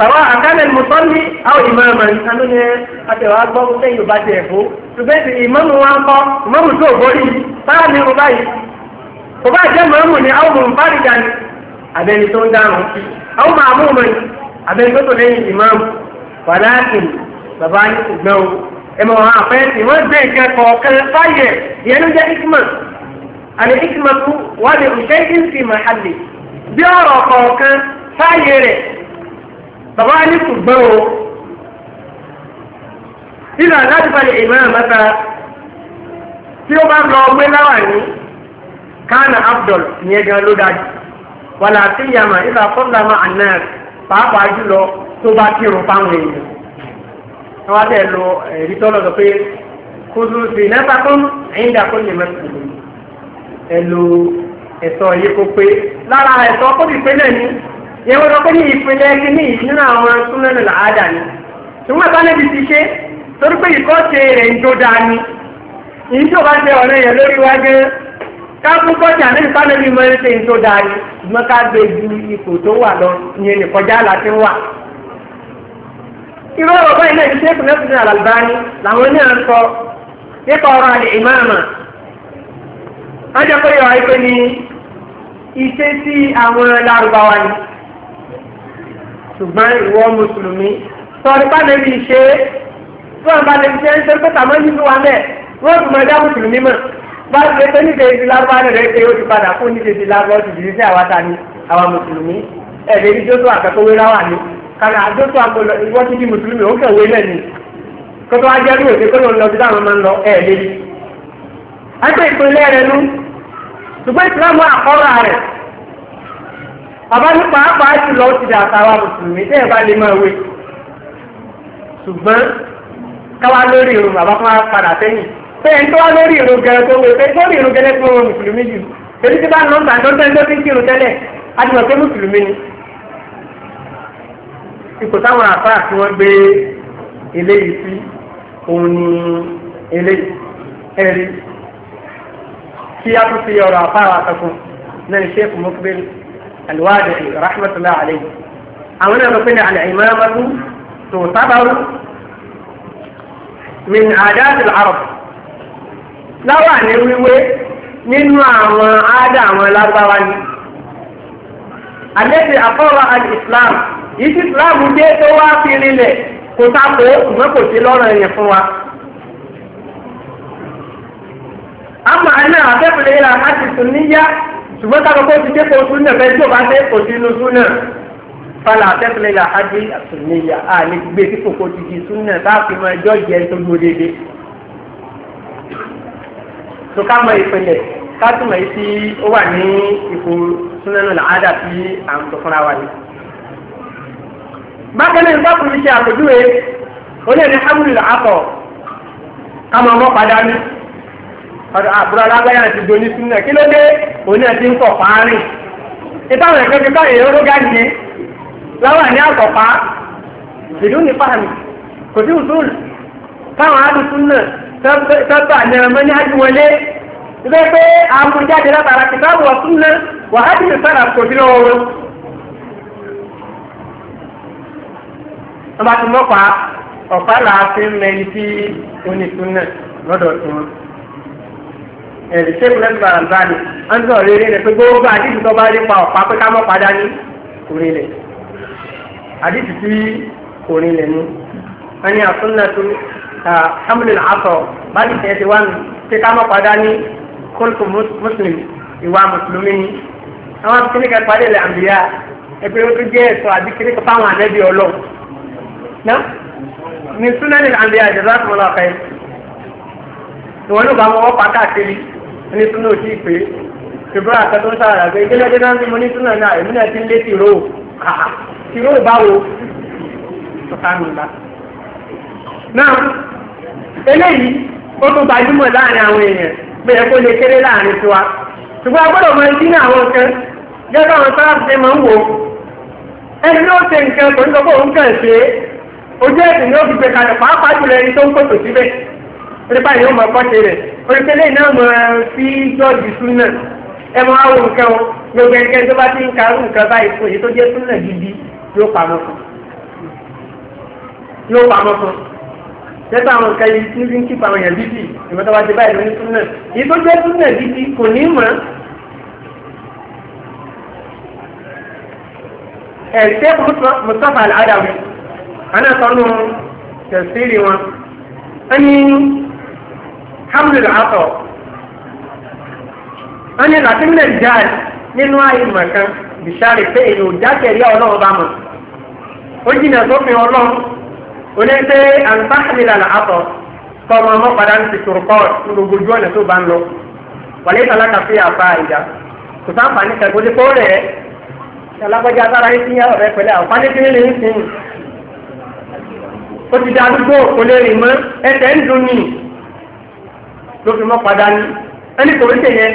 sàwọn àkànnì mùsọ́lì àwọn ìmọ̀ọ́mọ̀ nìkanú ni àtẹ̀wà gbọ́ fún sẹ́yìn bá tiẹ̀ fún ṣùgbẹ́sì ìmọ̀mù wa ń kọ́ ìmọ̀mù tó borí sáà ní ọba yìí ọba jẹ́ mọ̀ọ́mù ni àwọn mọ̀ nfàdìgà ni abẹ́ni tó ń dáhùn àwọn mọ̀ àmú mọ̀ ni abẹ́ni tó tó lẹ́yìn ìmọ̀ọ́mù fàdáàkìn bàbá yìí kò ẹ̀mọ̀ wọn wọ́n gbé bàbá ní ṣùgbọ́n o nínú aláàbíbalẹ̀ ìmọ̀ràn mẹ́ta tí ó bá lọ gbé láwà ní kánà abdul ìyẹn gan ló dájú wàlá àti ìyàmà ìlà fọ́nlámà àná pàápàá jùlọ tó bá kírun fáwọn èèyàn wọ́n á dẹ̀ lo ẹ̀rí tọ́lọ̀ lọ pé kóso sí nẹ́fà kún ẹ̀yìn dàkó lè mọ̀ ẹ̀lò ẹ̀sọ́ yìí kó pé lára ẹ̀sọ́ kó ti pé náà yẹn wọ́n sọ pé ní ìpínlẹ̀ kínní nínú àwọn súnmọ́nù làádà ni ṣùgbọ́n sálẹ́bì ti ṣe torí pé ìkọ́ṣe rẹ̀ ń jó dáa ni ìyí tó bá ṣe ọ̀rẹ́ yẹn lórí wá gẹ́ káàkiri kọ́ṣe àmì sálẹ́bì mọ́ ẹ́ ṣe ń tó dáa ni ṣùgbọ́n ká gbé ju ipò tó wà lọ ìyẹn nìkọjá láti wà. irú ọ̀rọ̀ báyìí náà ṣe kùnà fún Al-Albani làwọn náà sọ nípa ọ̀rọ̀ àlè ìmáàmà wọ́n jẹ́ pé ìwà ìpè ní ìṣesí àwọn Lárúbáwá ni ṣùgbọ́n ìwọ mùsùlùmí sọ̀rọ̀ bá lè fi ṣe é tí wọ́n bá lè fi ṣe é ṣe pé tàmọ́ yìí ló wà mẹ́ wọ́n sì máa dá mùsùlùmí mọ̀ bá a ṣe pé níbi ìdí lárúbá rẹ̀ ṣe ó ti padà fún níbi ìdí lárúbá ó ti dìde sí àwa ta ni àwa mùsùlùmí ẹ̀ẹ́dẹ̀ ní jótó àkẹ́kọ̀wé láwà ni kàrà àjótó àgbọ̀lọ̀ ìwọ́n ti di mùsùlùmí ó kẹ̀wé lẹ̀ ni kótó ajá ní òde kótó lọ sí táwọn máa ń lọ ẹ̀ẹ́dẹ̀ rẹ̀ nú ṣùgbọ́n ìsìlámù àkọ́rọ̀ rẹ̀ bàbá ní pàápàá jùlọ ó ti dà àtàwà mùsùlùmí tẹ́ ẹ̀ bá lè máa wé ṣùgbọ́n káwá lórí irun bàbá kan padà sẹ́yìn pé ẹni tó wá lórí irun gẹ̀rẹ́ tó wé pé tó rí irun gẹ̀rẹ́ tó wọ mùsùlùmí jù pẹ̀lú tí bá nọ́mbà tó tẹ́ tó fi ń kírun tẹ́lẹ̀ á pé mùsùlùmí ni. ipò táwọn àfáà tí wọ́n gbé eléyìí sí òun ni eléyìí ẹ̀rí kí á tún fi ọ̀rọ̀ àfáà àtàkùn náà ṣe é alwadi'i rahmatulah alayhi àwọn náà lọ́pẹ́ ní alìmọ́mọ́tò tó sábàrú min àdáàtì arab láwà ní wíwé nínú àwọn àádá àwọn lágbáwá ni àlẹ́sì àfọ́wà alìsílám ìsì islam dé tó wá fi rinlẹ̀ kò sáko ṣùgbọ́n kò sí lọ́rọ̀ ẹ̀yìn fún wa. àmọ́ àná àfẹ́fẹ́ lè ra àti sùn níyà ṣùgbọ́n ká lọ́kọ́ ti dé kó súnà bẹ́ẹ̀ tí o bá dé kó sínú súnà fàlà àtẹ́sílẹ̀ là á dé àtúnyẹ̀yà a lè gbé tí kòkó ti di súnà láti mọ ẹjọ́ jẹ tó gbódédé. tó ká mọ ìpìlẹ̀ ká tún mọ̀ sí ó wà ní ipò súnà náà làádà tí à ń sọ fúnra wa ni. bákan náà nígbà kùnú ṣe àpèjúwe ó lè ní hamlin àtọ̀ ká mọ ọmọ padà ní ọ̀dọ̀ àbúrò alágbáyà ti do ní súnà kí ló dé òní ẹ̀ ti ń kọ̀pá rìn ìtàwọn ẹ̀kọ́ ti kọ́ èèyàn ló gáàdì yẹn láwọn àní àkọ́pá ìlú ní fáàmì kò sí ìtúl táwọn àdùn súnà tọ́tọ́ àní ọmọ ní ájú wọlé ìgbẹ́ pé amújáde látara ti bá wọ súnà wà á dìbò sára kò sí lọ́wọ́ wọn. ọba ti mọ́pa ọ̀pá làá fi ń mẹ́ni sí onísúnà lọ́dọ̀ tí wọn ẹ̀rí ṣé kúlẹ̀ nígbà rà báyìí wọ́n ń sọ̀rọ̀ eré rẹ̀ pé gbogbo àdìsí tó bá rí pa ọ̀pá pé ká mọ́ padà ní orin rẹ̀ àdìsí tí orin rẹ̀ ní. wọ́n ní àtúnná tó hamlin asọ báyìí tẹ̀ ti wá mi pé ká mọ́ padà ní kóńtù muslim ìwà mùsùlùmí ni. àwọn kíníkà padà lè àmbíyá ẹgbẹ́ tó jẹ́ ẹ̀sọ́ àbí kíníkà fáwọn àdẹ́bí ọlọ́ ní súnẹ́nì àmbíyá ìjọba àtúmọ̀lá ọ̀fẹ́ ìwọ ló bá wọn wọ́pàá káàkiri ní súnà òtí ìpè ṣùgbọ́n àtẹ tó ń sára pé ilé ẹjẹ́ náà ní mo ní súnà náà èmi náà ti ń lé tìró tìró báwo ọ̀tánùlá. náà eléyìí ó tún gbajúmọ̀ láàrin àwọn èèyàn pé ẹ kó lè kéré láàrin tiwa ṣùgbọ́n a gbọ́dọ̀ máa dín àwọn nǹkan gẹ́gẹ́ àwọn sáláàbù ṣe máa ń wò ẹni ló ṣe nǹkan kò ní sọ pé òun kàn ṣe ojú ẹ̀sìn ni ó fi gbé kalẹ̀ pàápàá jùlọ ẹni tó ń pèsè síbẹ̀ orí báyìí ó mọ̀ pọ́ṣẹ rẹ̀ orí tẹ́lẹ̀ náà mọ̀ sí jọ́ọ̀jì súnà ẹ mọ àwọn nǹkan wọn gbogbo ẹnikẹ́ni tó bá ti ń ka nǹkan báyìí fún èyí tó jẹ́ súnà gidi ló pamọ́ fún ló pamọ́ fún tẹ́tà àwọn nǹkan yìí tí ń kípa àwọn èèyàn bíbí ìmọ̀ tó bá ti báyìí lóní súnà èyí tó jẹ́ súnà gidi kò ní mọ̀ ẹ̀ṣẹ́ Mustapha al-Adawi tẹ̀síìrì wọn hamlin atọ wọn ni latinle jaad nínú ayé mọ̀kan bishari pé èyí ò jákèrè ọlọ́run bá mọ̀ ó jìnà sófin ọlọ́run onígbé àǹtàkìlà àtọ̀ tọmọ ọmọ padà ń ti tòrùkọ gbogbo ojú ọ̀nà tó bá ń lọ wàlẹ́ ìtàlá kàfé àfa ìjà kò sáfà ní kẹgbó tí kò rẹ̀ ẹ́ alágbájá sára yín sí ọ̀rẹ́ pẹ̀lẹ́ àwọn pálíkì lè ń sìn ó ti dá àdúgbò kò lè rìn mọ́ ẹsẹ̀ ń dun nìyí. لو في مقدان أني قلتها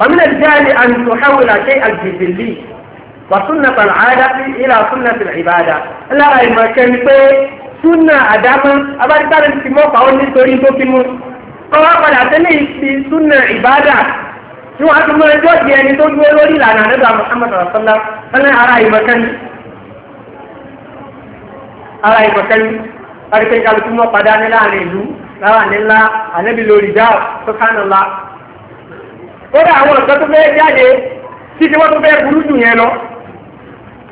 ومن الجال أن تحول شيء الجبلي وسنة العادة إلى سنة العبادة لا أي ما كان بي سنة عدامة أبدا كان في موقع أني سوري بوكي مو قوة لا تنهي في سنة عبادة شو هذا ما جوز يعني توجه لوري لأن أنا دام محمد رسول الله أنا أرى أي مكان أرى أي مكان أرى كان كالتوم وقدان لا عليه lára nílá ànábì lórí dáà tó kánà ńlá. ó dá àwọn ọ̀sán tó fẹ́ jáde títí wọ́n tó fẹ́ burú jù yẹn lọ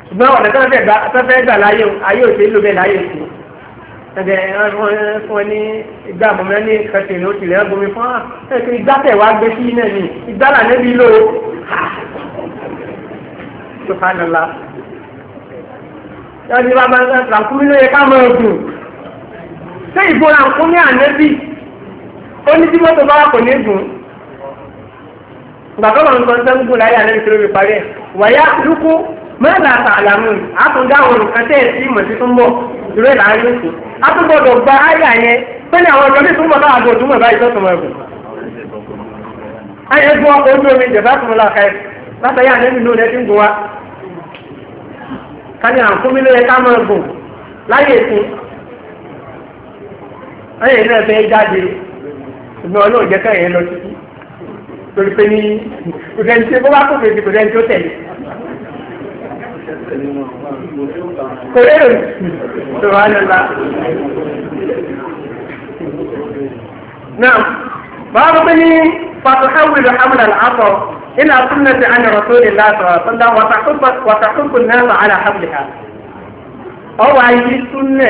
ṣùgbọ́n ọ̀nà tó fẹ́ gbà láyé ayé òṣèlú ló bẹ́ẹ̀ láyé òṣèlú ẹ̀dẹ̀ fún ẹni ìgbà àbọ̀mọ́ ní kẹsìrì ó tilẹ̀ gbomi fún wa ah, ẹ̀kọ́ ìgbà tẹ̀ wá gbé sí náà ni ìgbà là níbi ló ṣùgbọ́n ọ̀nà la. ẹni bàbá ràkúrú ló yẹ ṣé ìbora nǹkan ní ànẹ́bí ó ní tí mọ́tò bá wà ní dùn ya wọn nǹkan sẹ́gun láyé ànẹ́bí tó lè parí ẹ̀ wàyà lúkú mẹ́ta àtàlámù àtúndá àwọn nǹkan tẹ́ ẹ̀ sí ìmọ̀ sí tó ń bọ̀ ìró àtúgbọ̀dọ̀ gba pé ní àwọn túnbọ̀ náà àgbò túnbọ̀ báyìí tó ẹ̀bùn. ayé gbọ́ ọkọ̀ ojú omi jẹ̀bá tó lọ ló ń gùn ká ní ká ẹ̀yẹ náà fẹ́ jáde ìmọ̀ ọlọ́run jẹ́ káyẹ̀ lọ títí torí pé ní kòtẹ́ni tí ó bá kó fèsì kòtẹ́ni tó tẹ̀lé. kòrérò tó wà lọ́la. náà báwo pé ní فتحول حمل العصا إلى سنة عن رسول الله صلى الله عليه وسلم وتحب الناس على حملها. أو أي سنة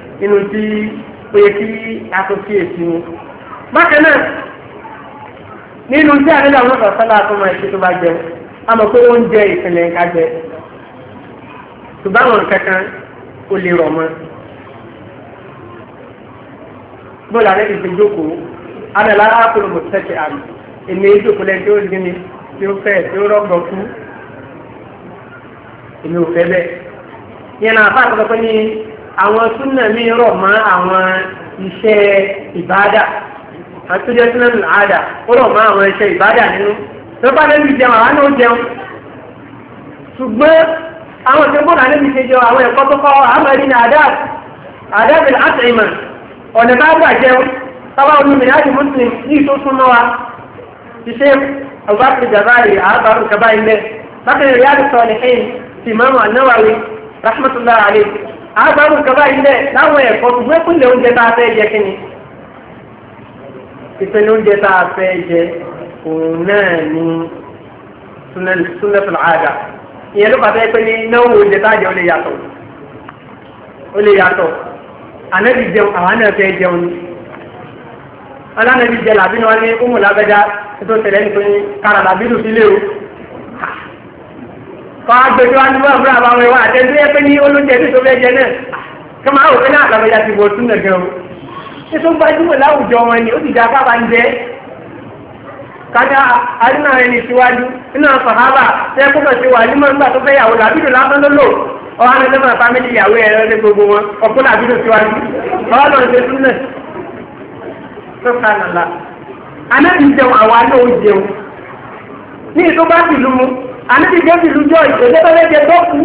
inú tí ó yẹ kí asọ́síyèsí ni. bákan náà nínú tí àdéhùn àwọn ọ̀sán sọ́lá tó máa ṣe tó bá jẹun a mọ̀ pé oúnjẹ ìpìlẹ̀ nǹkan jẹ ṣùgbọ́n àwọn kankan kò lè rọ̀ mọ́. bóòlù àlẹ́ ti fi jókòó adàlá àpòlò mọ̀tẹ́kì àmì èmi ìjókòó lẹ́yìn tí ó dín ní tí ó fẹ́ tí ó rọ̀gbọ̀ fún èmi ò fẹ́ bẹ́ẹ̀. yẹn náà àwọn súnà mi rọ̀ mọ́ àwọn iṣẹ́ ìbádà àtúndé súnà mi àdà ó rọ̀ mọ́ àwọn iṣẹ́ ìbádà nínú lọ́pàá lẹ́nu ìjẹun àwọn náà jẹun ṣùgbọ́n àwọn tó gbọ́dọ̀ lẹ́nu ìṣe jẹun àwọn ẹ̀kọ́ tó kọ́ àmọ́rí ní àdáàbì àdáàbì láti ìmọ̀ ọ̀nà bá gbà jẹun tábà olùmí láti muslim ní ìtòsúnmọ́ wa iṣẹ́ ọgbàtí jàbáyé àbárùn kaba ilẹ̀ bákan àgbàrù kaba ilẹ̀ láwọn ẹ̀kọ́ ṣùgbọ́n ìpínlẹ̀ oúnjẹ tá a fẹ́ jẹ kí ni ìpínlẹ̀ oúnjẹ tá a fẹ́ jẹ òun náà ni súnẹ́fìlà àdá ìyẹn ló pàtẹ́ pé ní náwó oúnjẹ tá a jẹ ó lè yàtọ̀ ó lè yàtọ̀ ànábì jẹun àwọn náà fẹ́ jẹun ni ọlọ́nàbì jẹ làbínú wọn ní ọmọ làbẹ́dá tó tẹ̀lé nítorí kára làbínú sílé o kọ́ agbèjọ́ adúlọ́ fún àbáwọn ìwà àtẹ́jú yẹ pé ní olóúnjẹ tó fẹ́ jẹ náà kí máa wò pé náà àtàwọn ìyá ti bò tún nàgẹ́ o ṣé tó gbajúmọ̀ láwùjọ wọn ni ó ti dá bàbá ń jẹ́ kájá adúnà ẹni síwájú nínú àfàhábà tẹ́ kó bẹ̀ sí wà nímọ̀ nígbà tó fẹ́ yàwó làbídò lásán ló lò ọ̀hán ní lẹ́mọ̀ fámìlì ìyàwó ẹ̀ lọ́dẹ gbogbo wọn ọ̀pọ̀ làbídò síwájú ọ̀hán lọ́n ṣe tún náà tó ká nàlá. anáà ń jẹun àwa náà ó jẹun ní ìtọ́ bá mu àníbi jẹ́bi lójọ́ ìgbésẹ̀ tó lẹ́jẹ̀ dọ́kù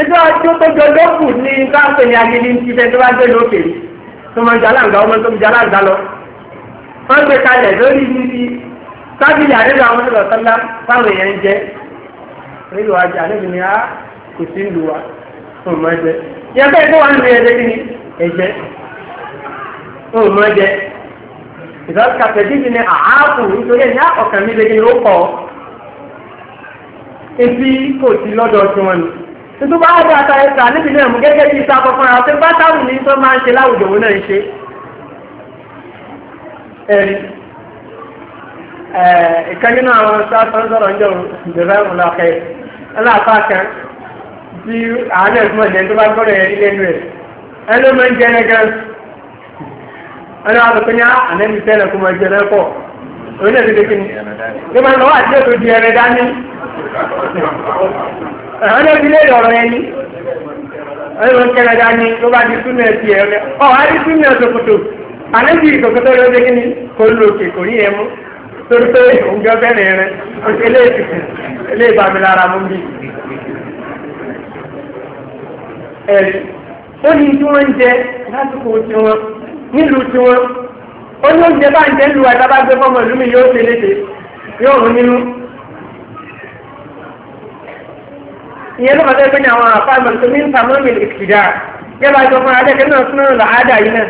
ẹjọ́ ajó tó jọ dọ́kù ní káńpẹ̀ ní agidi ní ìfẹ́ tó bá gbé lókè tó máa jà láǹgá ọmọ tó jà láǹgá lọ. wọ́n gbé kalẹ̀ lórí níbi tábìlì àdébí àwọn ọmọdé lọ́sọ́lá táwọn èèyàn ń jẹ nílùú ajá níbi ni a kò sí ń lu wa tó máa jẹ. ìyẹn bẹ́ẹ̀ tó wà nínú ẹ̀jẹ̀ kí ni ẹ̀jẹ̀ tó máa jẹ. ìdọ́kàtẹ̀ etí kò sí lọ́dọ̀ tí wọ́n ni tuntun bá dá ata ẹ̀ka níbi náà mú gẹ́gẹ́ bí sáfọ́ fúnra pé bá táwù ní tó máa ń ṣe láwùjọ òun náà ń ṣe ẹ̀rí ìkan nínú àwọn sáfọ́ sọ̀rọ̀ ńjọ ìjọba ìwọ̀n lọ́kẹ́ aláàfà kan tí àánẹ̀ fún ẹ̀jẹ̀ tó bá gbọ́dọ̀ yẹn ilé ẹnu ẹ̀ ẹnu máa ń jẹ́ ẹ̀gán ẹnu àtọ̀kọ́ ní àná orílẹ̀ èdè kí ni ní máa ń lọ wá àti ètò di ẹrẹ dání àwọn náà ti lé ọ̀rọ̀ yẹn ni wọ́n lọ ń kẹ́rẹ́ dání ló bá di súnmọ́ ẹ̀ ti ẹ̀rẹ́ ọ̀ á di súnmọ́ ẹ̀ ṣòkòtò àlejò ìṣòkòtò rẹ̀ ṣe kí ni kò lò òkè kò ní yẹn mú torí pé òun jọ bẹ́ẹ̀ rẹ̀ ó ní oúnjẹ bá ń jẹ́ lu àtàbà gbé fọ́mọ ìlú mi yóò ṣe léṣe yóò rún nínú. ìyẹn ló fàtọ́ ìpínlẹ̀ àwọn àfáàmọ̀ tó ní nǹkan mọ́mí ìkìdá yẹ bá jọ fún adé kí náà súnmọ́ ìlà àádá yìí náà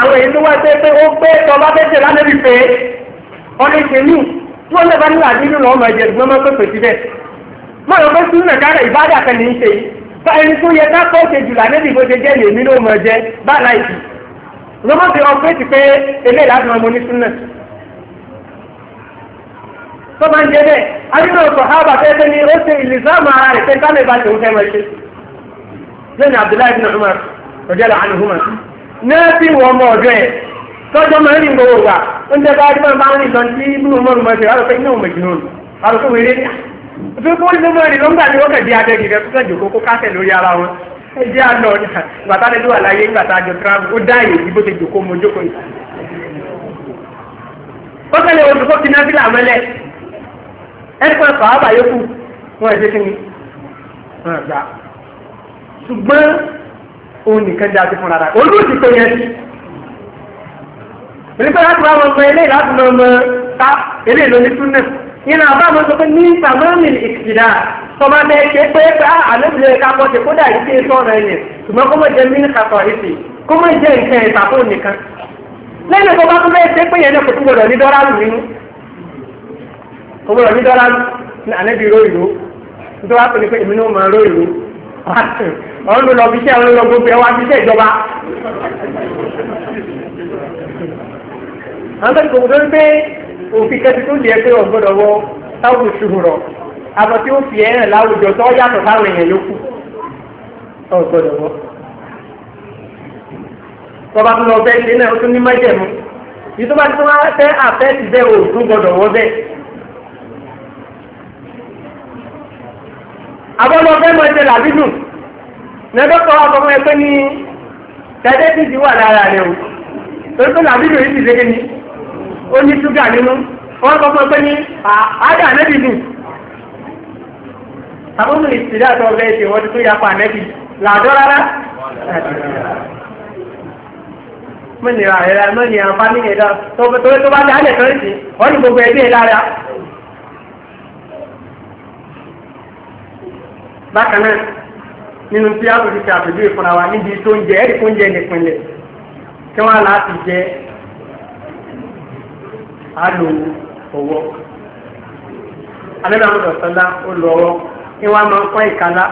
àwọn èyí tó wá pé ó bá fẹ́ pé ṣe tí wọ́n lọ́wọ́ máa jẹ máa pèpè síbẹ̀. ló fẹ́ ìbádà kan ní í ṣe yìí tó yẹ ká jù bó ṣe jẹ́ lèmi ló máa jẹ ló mọ̀ sí ọ̀pẹ́tì pé eléyìí láti máa mọ ní súnà tó máa ń jẹ bẹ́ẹ̀ arínú ọ̀sọ̀ hábà tẹ́tẹ́ ni ó ṣe ìlìsáàmù ara rẹ̀ pé tálẹ̀ bá tòun fẹ́ máa ṣe lẹ́nu Abdullahi bin Umar rọ̀jẹ́lá anhuma náà bí wọ́n mọ ọ̀dọ́ ẹ̀ tọ́jọ́ máa ń rìn gbogbo wa oúnjẹ bá rí máa ń rìn lọ sí ibùdó mọ́rùn mọ́ṣẹ́ alùpẹ́ iná òun mẹ́jì lónìí alùpẹ́ wẹ́rẹ́ ní àtúntò kó ní mọ́rin lọ́ngbà ni wọ́n kẹ̀ di adẹ́gẹ̀dẹ́ tó kẹ́ jòkó kó kásẹ̀ lórí ara wọn ẹ jẹ́ àlọ́ bàtà lè lówà láyé a àjọ tíráàbù ó dá èyí bí bó ti jòkó mo jókòó yìí. ó kẹ́lẹ́ oṣù kó kíná sílẹ̀ àmọ́lẹ̀ ẹ̀kọ́ ẹ̀kọ́ àbá yókù wọn ẹ̀ṣẹ́ kíni wọn ẹ̀gbá. ṣùgbọ́n òun nìkan jẹ́ àti fúnra rà olùsí tó yẹn nígbà láti wá wọn mọ eléyìí láti lọ mọ ta eléyìí lọ ní túnẹ̀ nínú àbá àwọn sọ pé ní tàmámì ìkìlá tọ́mọ bẹ́ẹ̀ ṣe pé pé ah, àlébìlẹ̀ ẹ̀ka pọ̀ ṣe kódà yìí ṣe sọ̀rọ̀ ẹ̀yẹ ṣùgbọ́n kó mọ̀ jẹ́ mí kàtọ̀ ìsì kó mọ̀ jẹ́ nǹkan ìtàkó nìkan lẹ́nu tó bá tún bẹ́ẹ̀ ṣe pé yẹn náà kò tún gbọdọ̀ ní dọ́làlù nínú kò gbọdọ̀ ní dọ́làlù ní àlébì ró ìlú nítorí wàá pè ní pé èmi náà máa ró ìlú ọ̀hún ló lọ fi iṣẹ́ ọ̀hún ló gbogbo ẹ̀ fi iṣẹ́ ìjọba àwọn tó ti kò gbọdọ̀ pé òfin kẹ́sì tó lè pé ọ̀gbọ́dọ̀ wọ táwọn ìṣòro àbọ̀ tí ó fi ẹ̀rẹ̀ láwùjọ tó yàtọ̀ táwọn èèyàn yókù ọ̀gbọ́dọ̀ wọ. bọ́bá tó lọ bẹ́ẹ̀ ṣe náà ó tún ní májẹ̀mú yìí tó bá tó wá fẹ́ àfẹ́ẹ̀tì bẹ́ẹ̀ ò tún gbọ́dọ̀ wọ bẹ́ẹ̀. àbọ̀lọ fẹ́ mọ ẹsẹ̀ làbídù nẹ́dọ́kọ̀ ọmọ ẹgbẹ́ ní tẹ́tẹ́ ó ní ṣúgà nínú wọ́n kọ́ fún ẹ ní àádà ànẹ́bì dùn àbúrò ìsìlẹ̀ àti ọ̀gá ẹ̀ṣẹ̀ wọ́n ti tún yapa ànẹ́bì làdọ́ rárá mọ́nìyàn àrẹ́rà mọ́nìyàn fámìlì ẹ̀dá tó bá kan sí wọ́n ní gbogbo ẹgbẹ́ lára bákan náà nínú tí a kò ti ṣàpèjúwe fúnra wa níbi tó ń jẹ ẹ̀rí kó ń jẹ nípìnlẹ̀ kí wọ́n á láti jẹ á lo alẹ́ àwọn ọ̀sánlá ó kí wọ́n máa kọ́ ìkálá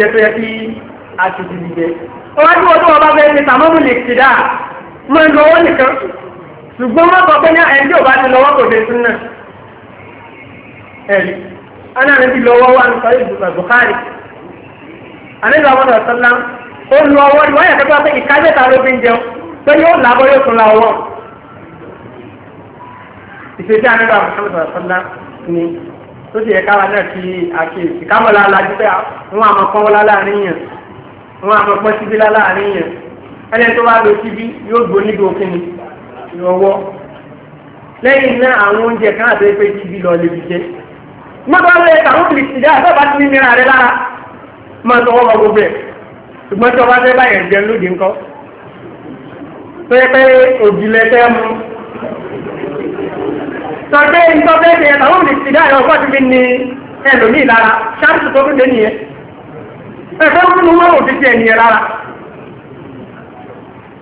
jẹ́ tó yẹ kí a ti di tí wọ́n tó wọ́n bá fẹ́ ṣe tàmọ́mù lè ṣe dáa mọ́ ń nìkan ṣùgbọ́n wọ́n kọ́ pé ní ò bá ti kò dé àníbi àwọn ọ̀dọ̀ sọ́lá ó lu ọwọ́ ni wọ́n yà kẹ́kọ̀ọ́ pé ìkájẹ́ta ló fi ń jẹun pé yóò làbọ̀ yóò tún la ọwọ́ ìṣèjì àníbi àwọn ọ̀dọ̀ sọ́lá ni tó ti yẹ káwa náà fi àkíyèsí kámọ́lá alájú pé wọ́n àmọ́ pọ́n wọ́lá láàrin yẹn wọ́n àmọ́ pọ́n síbí ẹni tó bá lo síbí yóò gbó ni ìrọwọ́ lẹ́yìn náà àwọn oúnjẹ kan àti ẹgbẹ́ síbí lọ lè fi jẹ́ mọ́tò àwọn ẹ̀ka ó fi lè ṣìdá máa tọwọ́ bọ gbogbo ẹ̀ ṣùgbọ́n tí ọba fẹ́ báyẹn jẹ lóde ńkọ́ tó yẹ pé òjìlẹ̀ fẹ́ mu sọ pé nǹkan fẹ́ ẹ̀ta wọ́n lè ṣìdá ẹ̀rọ ọkọ̀ ti fi ni ẹlòmíì lára ṣáàtì tó tún dé nìyẹn ẹ̀fẹ́ wọn mú wọn òfin ti ẹ̀nìyẹn lára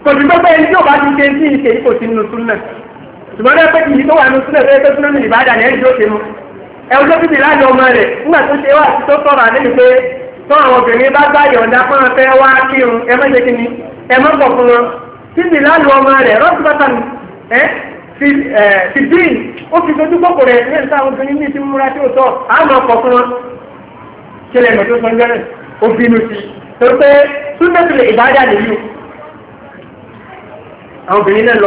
kò sí gbogbo ẹni tí ọba ti ṣe sí ìṣe kò sí nínú súnmọ̀ ṣùgbọ́n lẹ́yìn pé ìyí tó wà nínú súnmọ̀ lẹ́yìn táwọn obìnrin bá gbá yọ̀ǹda fún wọn fẹ́ wá kírun ẹ má ṣe kíni ẹ má bọ̀ fún wọn tí bìláàlù ọmọ rẹ̀ bàtà ẹ ti dín ó fi dojú kókò rẹ̀ ní obìnrin ní ti múra tí ó tọ́ fún wọn. mọ̀ tó nìyí àwọn obìnrin náà lọ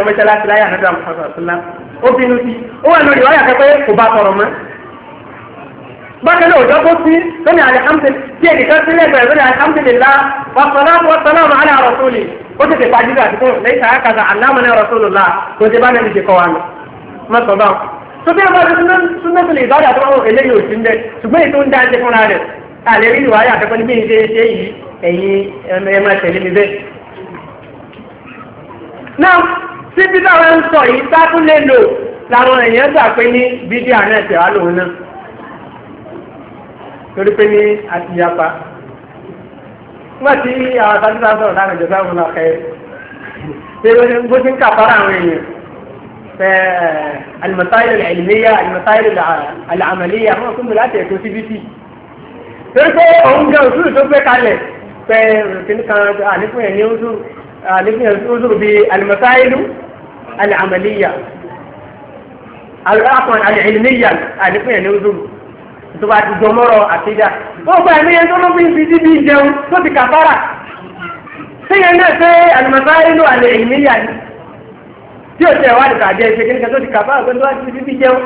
láyà náà dà mọ́ bákan náà òjò tó sí lónìí alihamdulilayi tí ẹnìkan sí lẹ́gbẹ̀ẹ́ lónìí alihamdulilayi wa salatu wa salamu ala rasuli ó tètè pa jíjẹ àti fún lẹ́yìn sáyà kàdà alámọ̀nà rasulullah kò sí bá nàbì ṣe kọ́ wa ni má sọ báwọn. tó bí ọba tó súnmẹ́sùn ìbáda tó wọ́n eléyìí òsì ń bẹ ṣùgbọ́n ètò ń dáńtẹ́ fúnra rẹ̀ àlẹ́ rí ìwà yà tẹ́kọ́ níbi ìṣe ṣe yìí ẹ̀yin ẹ̀ máa tẹ̀lé mi bẹ́ẹ̀. náà síbi táwọn ń sọ yìí sátúnlé lò làwọn èèyàn gbà pé ní bídíà náà tẹ̀ wá lòun náà تلفني أتيابا ما تي يا سان سان سان سان جزاء من الخير بيجون بيجون كفارة وين المسائل العلمية المسائل العملية ما كم لا تكوسي بيتي تلفي أم جوزو تلفي كله فين كان عليكم يعني وزو عليكم وزو بالمسائل العملية عفوا tó bá ti jọmọ́rọ̀ àtijọ́ ó gba ẹ̀mí yẹn tó ló fi ń fi dídí jẹun tó ti kàfárà síyẹn náà ṣe àlùmọ̀tá inú àlè ìmíyà ni tí o tẹ wá lè kàdé ṣe kí ni kẹtọ́ ti kàfárà pé tó bá ti dídí jẹun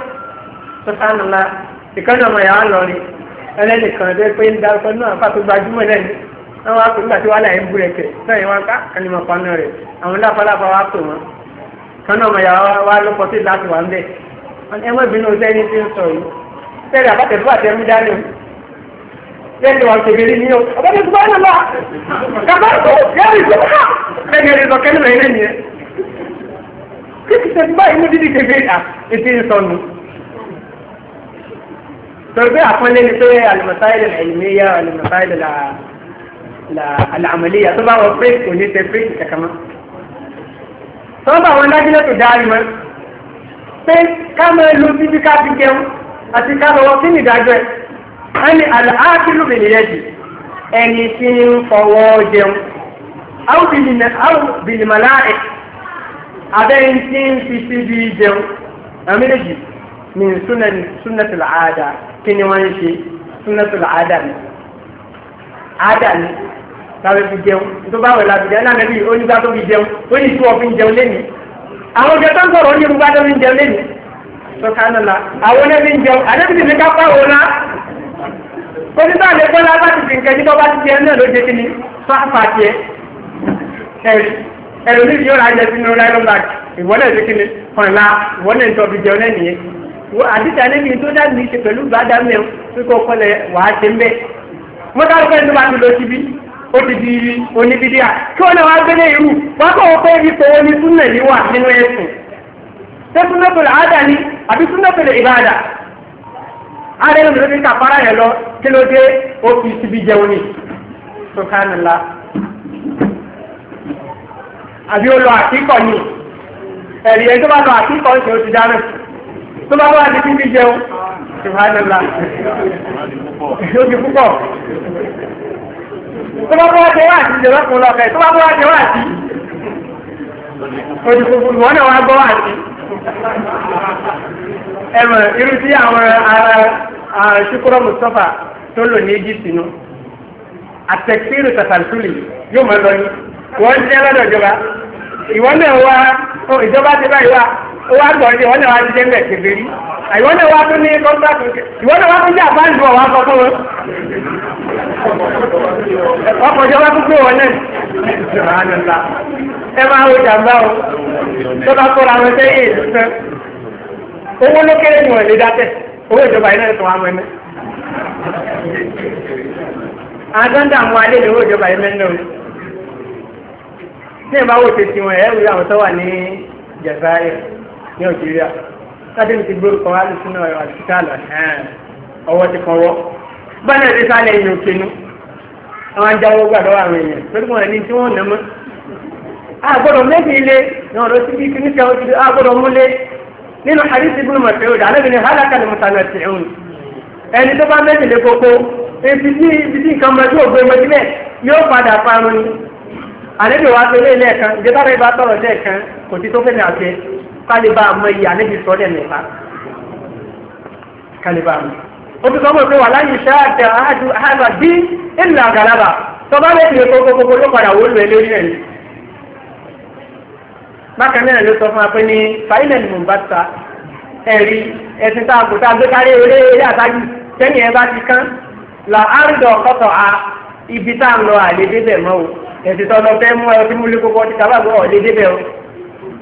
tó sánú la ìkànnì ọmọ yàrá lọ rí ẹlẹ́nìkan tó pé ń darúkọ náà fà tó gbajúmọ̀ náà ni wọ́n wá pè nígbà tí wọ́n láyé ń bú rẹ̀ kẹ̀ náà yẹn wá ká ẹnìmọ̀ panu rẹ̀ àwọn láfaláfa wá pè wọ́n kánú ọmọ yàrá wá lọ́pọ̀ sí láti wà ń bẹ̀ ẹ mọ̀ ìbínú sẹ́ni tí tẹ́lẹ̀ àbátẹ̀ tó àtẹ̀rú dání o yẹ́nì wà kébèrè ní o ọ̀bọ̀dé tó bá ń lọ kàbá tó yẹ́nì tó bá lẹ́yìn ẹ̀rí sọ kẹ́lẹ́ lẹ́yìn ẹ̀yẹ kíkìtẹ̀ tó bá inú dídì kébèrè à ètí ìsọnù tọ́gbẹ́ àpọ́nlé ni pé alìmọ̀sáìlì ẹ̀yìnmíyà alìmọ̀sáìlì làmàlíyà tó bá wọn pírẹ́sì kò ní ṣe pírẹ́sì kàkàmá tọ́ bá wọn dájú lẹ́tọ̀ dáa ni wọn pé ká máa lo bíbí ká fi jẹun àti kálọ̀wọ́ kí ni ìdájọ́ ẹ̀ ẹni àlàákìlù mi nìyẹn jì ẹni tí ń fọwọ́ jẹun áwùbìnìmọ̀láì abẹ́yìn tí ń fi síbi jẹun àmìlẹ́jì ní súnẹ̀tìlà àádá kí ni wọ́n ń ṣe súnẹ̀tìlà àádá ni àádá ni tàbí fi jẹun tó bá wẹ̀ láti jẹun náà nẹ́bí onígbà tó fi jẹun ó ní tí wọ́n fi ń jẹun sọ̀kánàlá àwọn ẹbí ń jẹun àdébìtì ní ká pàwọ́ lá onígbà lè gbọ́lá bá ti fi nǹkan jí bọ́bá ti jẹ náà ló jẹ́ kí ni fáfà jẹ ẹ̀rù ní yóò rájẹ sínú nylon bag ìwọ́lẹ̀ sí kí ni ọ̀la ìwọ́lẹ̀ ń tọ́bi jẹun náà nìyẹn àdìsá níbi tó dá mi ṣe pẹ̀lú gbàdámẹ́ kíkọ́ kọlẹ̀ wàá ṣe ń bẹ̀ wọ́n dárúkọ ẹni tó bá ti lọ síbi ó ti di oníbídíà kí wọn náà wá kọ́ wọn àádá ni àbí súnmọ́tò lè ìbáàdà ààrẹ ló lórí kàfàrà yẹn lọ kí ló dé ó fi síbi jẹun ni tó ká nìlá àbí ó lọ àkíkọ̀ ni ẹ̀rí ẹ̀ tó bá lọ àkíkọ̀ ń ṣe ó ti dáná tó bá wà ní bíbí jẹun tó ká nìlá ó ti púpọ̀ tó bá bọ́ jẹ́ wá sí ìjọba kan lọ́kẹ́ tó bá bọ́ jẹ́ wá sí ó ti púpọ̀ wọn náà wá gbọ́ wá sí. ẹ̀mọ̀ irú tí àwọn ará ṣukúrọ̀ mustapha tó lò ní egypt nù àtẹ̀kírù tàtàlùsùlì yóò máa lọ ní wọ́n ń jẹ́ lọ́dọ̀ ìjọba ìwọ́n náà ìjọba ti báyìí wá ó wá gbọ́ ní ìwọ́n náà wá ti jẹ́ mẹ́ kébé rí ìwọ́n náà wá tún ní kọ́ńtàkì ìwọ́n náà wá tún jẹ́ àbáǹdù ọ̀wá sọ ọkọ̀ ìjọba tún gbé wọn náà ẹ máa wo jàmbá o tó bá kóra wọn sẹ́yìn ìlú fẹ́ owó ló kéré ni wọ́n lè dákẹ́ owó ìjọba yìí náà tó wọn mẹ́mẹ́. àgọ́ndà mú alẹ́ lówó ìjọba yìí mẹ́mẹ́ o ní ìbá wò tètè wọn ẹ̀ wí àwọn tó wà ní jẹ̀sáyẹ̀ ní Nàìjíríà kájẹ́mi ti gbórúkọ wá lùsùn náà ọ̀rọ̀ àti sálọ ọwọ́ ti kàn wọ́ báyìí ní sálẹ̀ yìí ò kéwọ́n àwọn ajáwó gbàdọ̀ àwọn èèyàn pẹ̀lú wọn ní tí wọ́n nà mọ́ àgbọ̀dọ̀ méjì ilé ní ọ̀rọ̀ síbi kìíní kan ojú àgbọ̀dọ̀ múlé nínú àdìsí ibùdó mọ̀tẹ́wòdì àlẹ́bí ni hálàkà ni mùsàlẹ̀ tìhún ẹni tó bá méjì lé koko ebi tí ibi tí nǹkan mọ̀jú tó lé mọ̀ pé wà yóò padà wó lu bákan náà ló sọ fún wa pé ní fàílẹ̀ ni mò ń bá ta ẹ̀rí ẹ̀sìn tá a kò tá a gbé kárí eré eré àtàjù sẹ́yìn ẹ bá ti kán là á ń dọ̀ kọ́tọ̀ a ibi tá a ń lọ àlédé bẹ̀ mọ́ o ẹ̀sìn tó lọ fẹ́ mú ẹ tí mo lé kókó ti kábà gbọ́ ọ̀lédé bẹ̀ o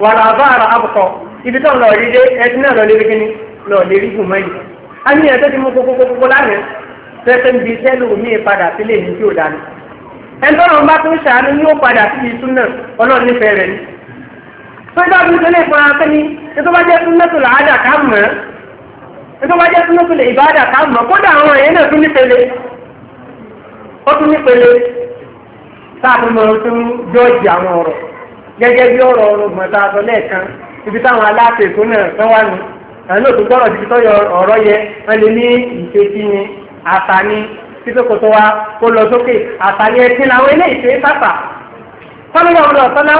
wà là bá ara àbùkọ ibi tó ń lọ ọ̀lédé ẹ̀sìn náà lọ lé kíní lọ lé rí gùn mọ́yì a ní ẹ̀ tó ti mú kókó kókó lánàá tẹ́tẹ́ ń bi sẹ́lù mi padà sílé ní tí ò dání ẹ̀ńtọ́nà bá tún ṣàánú yóò padà sí ìtúnà ọlọ́run nífẹ̀ẹ́ rẹ̀ ni sọ́jà bí sọ́lé ìfọ̀rọ̀ akẹ́ ni ètò bá jẹ́ súnmẹ́tò làádà ká mọ̀ ètò bá jẹ́ súnmẹ́tò lè ìbáàdà ká mọ̀ kódà àwọn èèyàn náà tún nípele ó tún nípele táàbù mọ̀ tó ń jọ́ọ̀jì àwọn ọ̀rọ̀ gẹ́gẹ́ bí ọ̀rọ̀ ọ̀rọ̀gbọ̀n tá a sọ lẹ́ẹ̀kan ibi táwọn aláṣẹ èkó náà tán wá ní àwọn òtún gbọ́rọ̀ ti tọ́ ọ̀rọ̀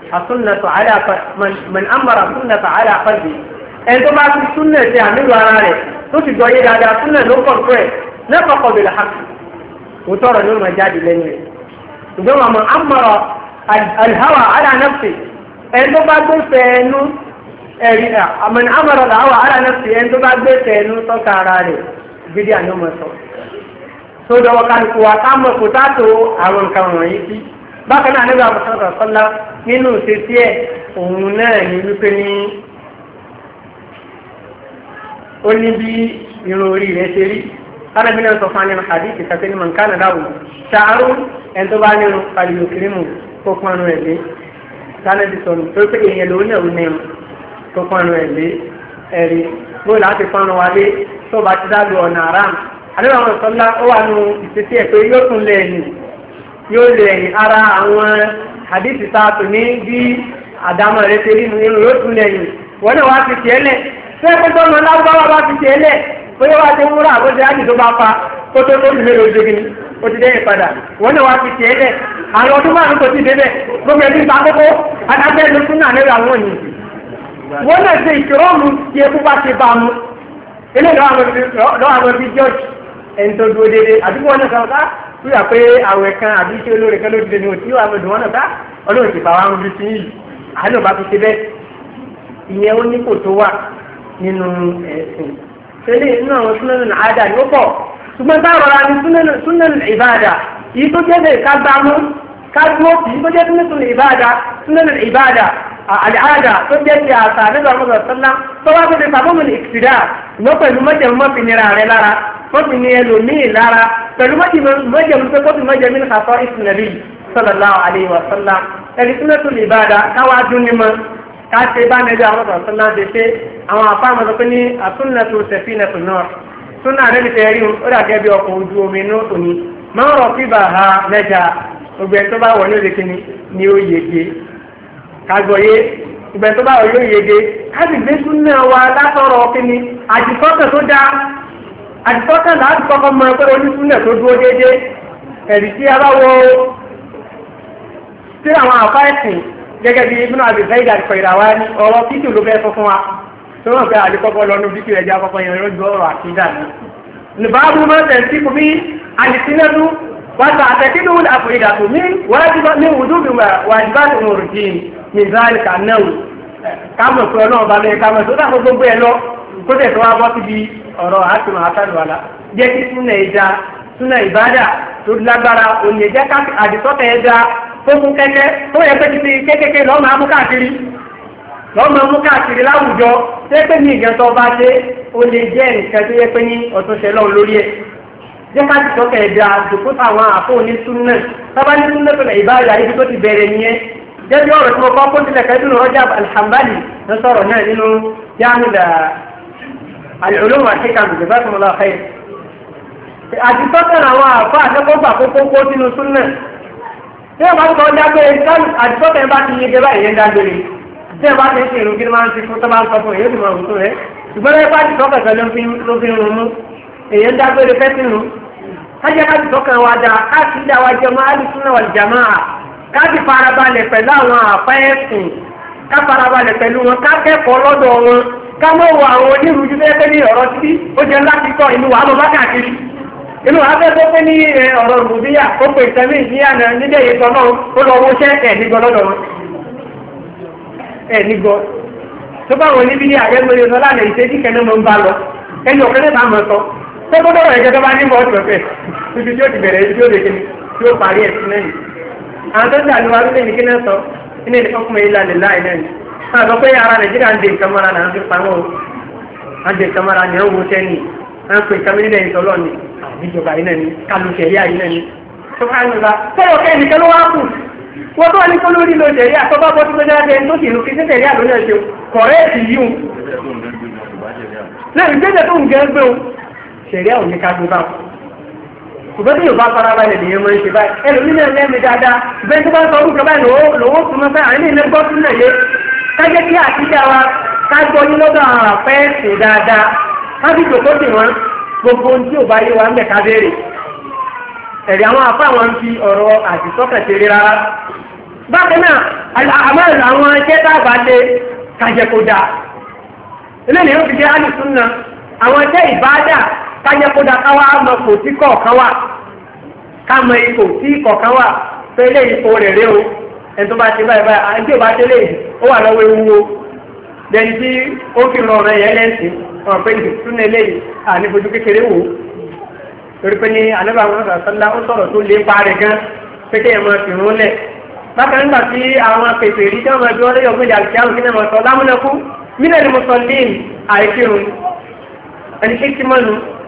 asúnnàtọ̀ mọ̀nàmọ̀rà súnnàtọ̀ àlà àpàdé ẹni tó bá fi súnnà ṣe àmìlò ara rẹ̀ tó ti gbọ́ yé dáadáa súnnà ló kọ̀ tó ẹ̀ lẹ́kọ̀ọ́ kọ̀ bẹ̀rẹ̀ hàkì kò tọrọ ní ọmọ jáde lẹ́nu rẹ̀ ṣùgbọ́n màmá amọ̀rọ̀ alhawa àlà nàfṣe ẹni tó bá gbé fẹ́ẹ́nu ẹ̀rí mọ̀nàmọ̀rọ̀ alhawa àlà nàfṣe ẹni tó bá gbé fẹ́ẹ́nu tọ́ka ara rẹ̀ bídí àná mọ̀ sọ. sódò wọ́n kálukú wa ká mọ̀ kó tá bákan náà nígbà mọ̀sánà sọ́lá nínú ìṣesí ẹ̀ òun náà ní wípé ní ó ní bí irun orí rẹ̀ ṣe rí alábi náà sọ fún anínú àdìsí kàtẹ́ ní mọ̀nkánà dáwò ṣàárò ẹni tó bá nínú pàlìyò kìrìmù kó pọnú ẹ̀ lé lánàbí sọnù tó pé èèyàn lòun náà ní ẹ̀mú kó pọnú ẹ̀ lé ẹ̀rí bó láti pọnú wa lé tó bá ti dá lu ọ̀nà àràm àdébàwọn sọ́lá ó wà nù ìṣesí ẹ̀ pé yóò tún lé ẹ̀ nìyí. yóò lè ara àwọn àdìsí tá a tò ní bí àdámọ̀ rẹ ṣe rí nínú yóò tún lè wọ́n náà wá ti tiẹ̀ lẹ̀ fẹ́ẹ́ pé lágbára ti tiẹ̀ lẹ̀ bóyá wá ti wúrà àbójá àdì tó bá pa kó tó tó lù mélòó jogi ni ó ti dẹ́yìn padà wọ́n náà wá ti tiẹ̀ lẹ̀ àwọn ọdún márùn kò débẹ̀ gbogbo ẹbí ta kókó adájọ́ ló tún náà lẹ́rọ àwọn a pé àwẹ̀ kan àbí iṣẹ́ olóore kan ló dìde ní òtí wà lọ́dún wọn náà bá ọlọ́run ti fà wá rúbi sí yìí àánú bá fi ṣe bẹ́ẹ̀ ìyẹn ó nípò tó wà nínú ẹ̀sìn tẹ́lẹ̀ inú àwọn súnmọ́nù àádá ni ó pọ̀ ṣùgbọ́n bá rọra ní súnmọ́nù ìbáàdà yìí tó jẹ́ bẹ́ẹ̀ ká gbámú ká dúró yìí tó jẹ́ súnmọ́nù ìbáàdà súnmọ́nù ìbáàdà al'ada tó jẹ́ ti àṣà nígbà mọ́tò sọ́lá tó wá pèsè sàbọ̀mù ní ìsìdá lọ pẹ̀lú mọ́jẹ̀mú mọ́fìnira rẹ lára mọ́fìnì ẹlòmíì lára pẹ̀lú mọ́jẹ̀mú pé kó fi mọ́jẹ̀mú ní kàtọ́ ìsìnàbí sallallahu alaihi wa sallam ẹni tí mẹ́tò lè báadà káwá dún ní mọ́ ká ṣe bá nẹ́jọ́ àwọn mọ́tò sọ́lá ṣe ṣe àwọn afá mọ́tò pé ní àtúnnàtò ni ó yege kágbọ̀yé ìgbẹ́ tó bá wọ yóò yege káàdì gbé súnà wa látọ̀rọ̀ kíni àdìsọ́kàn tó dáa àdìsọ́kàn láti kọ́kọ́ mọ ẹgbẹ́ onísúnà tó dúró déédéé ẹ̀rí tí a bá wọ sí àwọn àfáìsìn gẹ́gẹ́ bí ibùnà àbẹ̀fẹ́ ìdàkọ̀ ìràwá ní ọ̀rọ̀ fídíò ló fẹ́ sọ fún wa tó rọ̀ pé àdìkọ́kọ́ lọ́nu fídíò ẹ̀jẹ̀ àkọ́kọ́ yẹn yóò gbọ́ ọ̀rọ̀ àkídà ní. nìbàbù mọ́tẹ̀ sí kùmí àdìsínẹ́dú وتعتقده الأفئدة من na من وجوب واجبات أمور من ذلك النوم كما كما jẹ́ ká ti sọ́kẹ̀ ẹ̀dá àdòkó táwọn àfọ ní súnà sábà ní súnà tó lè ìbáyà ibi tó ti bẹ̀rẹ̀ nìyẹn jẹ́bi ọ̀rọ̀ tí mo kọ́ kóńtìlẹ̀ kẹ́dùn Rajab al-Hanbali ló sọ̀rọ̀ náà nínú jáàmùlà al-Ulum al-Hikam jazakumullahu khair. àdìsọ́kẹ̀ àwọn àfọ àtẹ́kọ̀ọ́gbà kókó sínú súnà tí wọ́n bá ń kọ́ dágbé àdìsọ́kẹ̀ bá ti yege báyìí yẹn dágbére tí wọ́n ti ń ṣe ìrùkí ni wọ́n ti èèyàn dágbére fẹ́ nù kájá láti tọkàn wa dáa káàkì dá wa jẹ mọ́ alùsùn wà jàmáà káàkì farabalẹ̀ pẹ̀lú àwọn àfẹ́sìn ká farabalẹ̀ pẹ̀lú wọn ká kẹ́kọ̀ọ́ lọ́dọ̀ wọn ká mọ̀ wọ àwọn onírúurú bẹ́ẹ̀ pé ní ọ̀rọ̀ títí ó jẹ́ láti tọ́ inú wa lọ bá káàkiri inú afẹ́fẹ́ pé ní ọ̀rọ̀ rùbíyà ó pè sẹ́mi ìyáná ó lọ tẹ́gbọ́n dọ̀rọ̀ yẹn gẹ́gẹ́ bá ní bọ́ọ̀tù pẹ̀pẹ́ ibi tí ó ti bẹ̀rẹ̀ ibi tí ó lè kéde tí ó parí ẹ̀sìn náà yìí. àwọn tó ń tà lóra lóde ní kíná sọ nínú ẹni ọkùnrin ilé alẹ́ láì náà ni. wọ́n sọ pé ara nàìjíríà ń de nǹkan náà ń fi pamọ́ o wọ́n de nǹkan ni ó wo sẹ́ni wọ́n pe nǹkan mi nílẹ̀ ìtọ́lọ́ ni àbíjọba yìí náà ni kálù sẹ̀ríà yìí náà ni. wọ́n tó wà ní kólórí lo sẹ̀ríà tó bá bọ́ sí gbẹ́dẹ́ adé tó sì lù kí sẹ̀ríà lónìí ẹ̀ṣẹ̀ kọ̀rẹ́ẹ̀tì yìí lẹ́yìn gbẹ́dẹ́ tó ń gẹ́ o ṣẹ̀ríà ò ní ká gbé báwọn. ṣùgbọ́n tí yorùbá fara balẹ̀ nìyẹn máa ń ṣe báyìí ẹlòmíín náà lẹ́mí dáadáa bẹ́ẹ̀ tó bá sọ orúkọ báyìí lòwó súnmọ́ fẹ́ àárín ilé gbọ́ sún náà yé kájẹ́ kí àtijọ́ wa ká gbọ́ yín lọ́dọ̀ àwọn àfẹ́ẹ̀sì dáadáa ká fi jòkó dì wọ́n gbogbo ohun tí ò bá yé wa ń bẹ̀ ká béèrè ẹ̀rí àwọn afá wọn fi ọ̀rọ̀ àdìsọ́kẹ̀tẹ̀rẹ̀ rárá bákan náà àmọ́ àwọn iṣẹ́ tábà lé kàjẹ́kọ̀dà kájẹ́ kó da káwá lọ kò tí kọ̀ọ̀kan wà kámọ ipò tí kọ̀ọ̀kan wà pé ilé ipò rẹ̀ rẹ̀ o ẹni tó bá ti báyìí báyìí àti tí ò bá ti lè ó wà lọ́wọ́ ewu o lẹ́ni tí ó fi ràn ọ̀rẹ́ yẹn lẹ́sìn ọ̀rọ̀ pé ìdùnnú eléyìí àní fojú kékeré wò ó torí pé ní anábà wọn sàlá ó sọ̀rọ̀ tó lé pa rẹ̀ gan pé kéèyàn máa fi rún lẹ̀ bákan nígbà tí àwọn apèsè rí jẹ́ ọmọ ẹgbẹ́ ọlẹ́yọ̀ gbé ìdàgbé àwọn kí sọ lámúnẹ́kú mílẹ̀ ni mo sọ léèmì àìkírun ẹni kékeré mọ́nu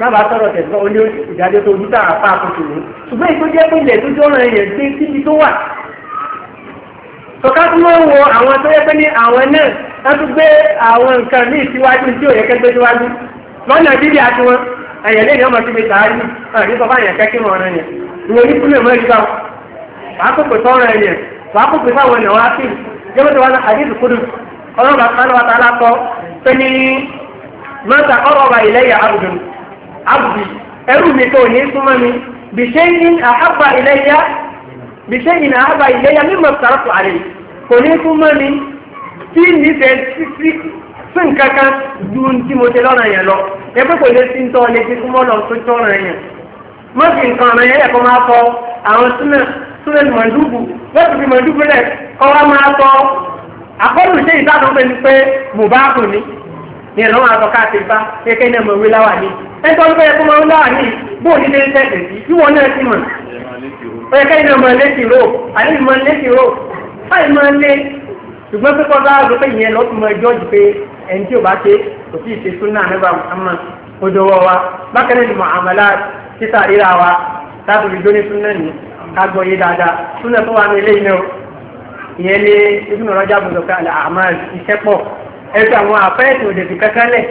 sábà sọ̀rọ̀ tẹ̀sán ó ní ìdájọ́ tó ojú tààrà pa àkókò ní ṣùgbọ́n ètò jẹ́ pé ilẹ̀ tó jọ ọ̀ràn yẹn gbé síbi tó wà. sọ̀ká tó máa ń wo àwọn tó yẹ pé ní àwọn náà wọ́n tún gbé àwọn nǹkan ní ìsíwájú tí ò yẹ kẹ́gbẹ́ síwájú lọ́nà bíbí àti wọn ẹ̀yẹ̀ lé ní ọmọ síbi tààrí àti sọ fún àyàn kẹ́kẹ́ mọ̀ ọ̀ràn yẹn ìwé ní kúlẹ̀ mọ́ ìgbà wàá kókò sọ́rọ̀ ẹ̀yẹ wàá kókò sáwọn ẹ̀nà wàá fìlì jẹ́wọ́n tó wà ní àdìsí kúdù abdi ẹrú mi tó ní súnmọ́ mi bìṣẹ́ ní àhábà iléyà bìṣẹ́ ní àhábà iléyà mímọ̀ sàrọ̀tù àrẹ kò ní súnmọ́ mi tí nífẹ̀ẹ́ sí sí nǹkan kan ju tí mo ṣe lọ́rọ̀ yẹn lọ ẹ pé kò lè sí ń tọ́ lè fi súnmọ́ lọ tó tọ́rọ̀ yẹn mọ́ sí nǹkan ọ̀rọ̀ yẹn ẹ̀kọ́ máa kọ àwọn súnmọ́ súnmọ́ mọ̀ndúbù fi mọ̀ndúbù lẹ̀ kọ́ wá máa kọ àkọ́lù ṣe ìdáàbò pé mo bá kù ní ní ẹ̀rọ wọn àtọ́ká àti ìbá kékeré náà mọ̀ wí láwà ní ẹ̀tọ́ ló fẹ́ kó mọ̀ wí láwà ní o ní lẹ́yìn tẹ̀sẹ̀ sí bí wọn náà ti mọ̀ ó yẹ kẹ́yìn náà mọ̀ létí ró àní mọ̀ létí ró báyìí mọ̀ lé ṣùgbọ́n pípọ́ bá rò pé ìyẹn lọ́tún mọ̀ ẹjọ́ jù pé ẹni tí ò bá ṣe kò tí ì ṣe súnà nígbà àmọ́ odòwò wa bákan náà ni mọ̀ àmàlà títà ríra wa láti rí dóní súnà ní kágbọ́ yé dáadáa súnà tó wà ní ilé ìnáwó ìyẹn ní ibùdó rọ́jà bùdókà àmàlà iṣẹ́ ẹgbẹ́ àwọn àfẹ́ẹ̀tì òdèdì kankanlẹ̀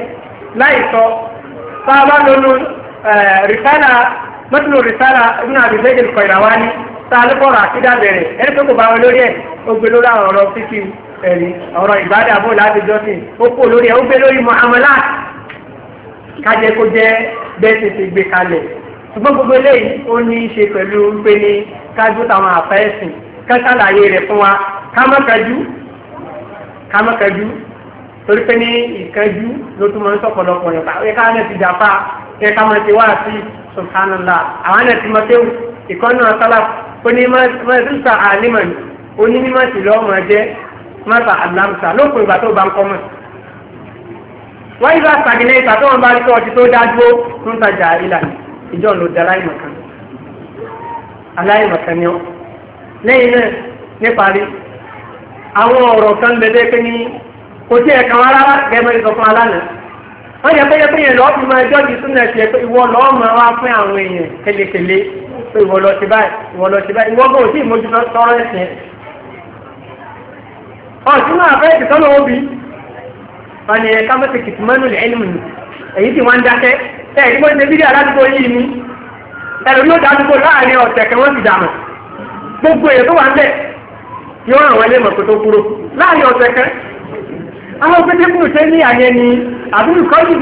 láì sọ sábà lónú rìsálà mọ́tìlù rìsálà ibùdó àbí zayd al-Qayrawani ní sálífọ̀rọ̀ àkídà bẹ̀rẹ̀ ẹni tó kò bá wọn lórí ẹ̀ ó gbé lórí àwọn ọ̀rọ̀ fífi ẹ̀rí ọ̀rọ̀ ìbádà bó láti jọ́sìn ó kó lórí ẹ̀ ó gbé lórí muhammadu kájẹ kó jẹ́ bẹ́ẹ̀ ti ti gbé kalẹ̀ ṣùgbọ́n gbogbo eléyìí ó ní í ṣe pẹ̀lú pé ní kájú táwọn àfẹ́ẹ̀sìn kẹ́sàlàyé rẹ̀ fún wa ká mọ́kẹ́jú ká mọ́kẹ́jú torí pé ní ìkánjú ló tún máa ń sọ̀pọ̀lọpọ̀ yẹn pàápàá ẹ̀ka náà ti jàpá ẹ̀ka máa ti wá sí subhanallah àwọn náà ti máa tẹ́wù ìkọ́nù ọ̀sálà ó ní máa tún sa àlímọ̀nì ó ní ní máa sì lọ́ọ́ máa jẹ́ máa sa àlámùsà lópin ìgbà tó bá ń kọ́ mọ̀. wọ́n yí bá sàgìlẹ̀ ìgbà tó wọn bá rí tọ́ọ̀tì tó dájú ó ń tajà ìlà ìjọ ló di aláìmọ̀kan aláìmọ̀kan kan bẹ́ẹ̀ kò tí ẹ̀ rárá alánà wọ́n yẹ pé lọ́ọ́ fi máa ìwọ lọ́ọ́ máa wá fún àwọn èèyàn pé ìwọ lọ sí báyìí ìwọ lọ sí báyìí ìwọ ìmójú ẹ̀sìn. ọ̀sùn náà fẹ́ ti tọ́lọ̀ obì èyí wọ́n àwọn òpínlẹ̀ kùnú tẹ́ ní àyẹ ni àbúrú kọ́lù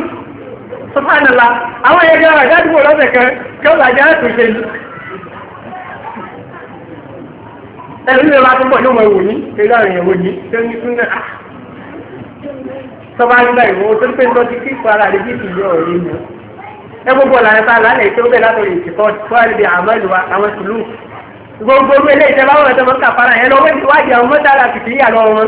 sọ́fánàlá àwọn ẹgbẹ́ ara ìdádúgbò lọ́sẹ̀ kan kí ó làjá àtúnṣe ẹ̀rù ní ọlá tó bọ̀ yóò mọ̀ ìwòyí eré àrùn ìwò yìí tó ní fún náà sọ́fà nígbà ìwò tó ń pè ń tọ́jú kí ìfọ ara rẹ̀ bíi ìyọ̀ rí mu ẹ gbogbo ọ̀là ẹ̀ta lálẹ́ tó bẹ̀ látọ̀ ìtìkọ́ tó àlejò àmọ́ ìlú àwọn sùlù gbogbo ilé ìjọba wọn ẹ̀tọ́ mọ́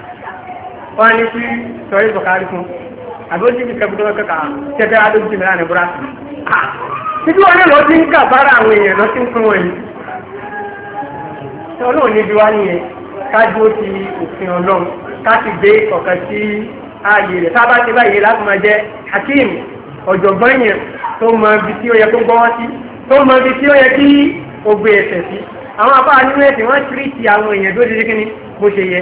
wọ́n ní sí sọ̀rọ̀ ìbọ̀kárí fún àbójú mi kẹ́kọ̀ọ́ tó kẹ́kọ̀ọ́ tẹ́tẹ́ adójú mi láàrin búra sí. títí wọn ní lọ sí ń kà bára àwọn èèyàn lọ sí ń fún wọn yìí. ọlọ́run níbi wá nìyẹn kájú ó ti òfin ọlọ́run ká sì gbé ọ̀kan sí ààyè rẹ̀ tá a bá ti báyìí láti máa jẹ́ hakeem ọ̀jọ̀gbọ́n yẹn tó mọ ibi tí ó yẹ kó gbọ́wọ́ sí tó mọ ibi tí ó yẹ kí ó gbé ẹsẹ̀ sí àwọn afáà nínú ẹ̀sìn wọ́n tìrìtì àwọn èèyàn tó ṣe kí ni bó ṣe yẹ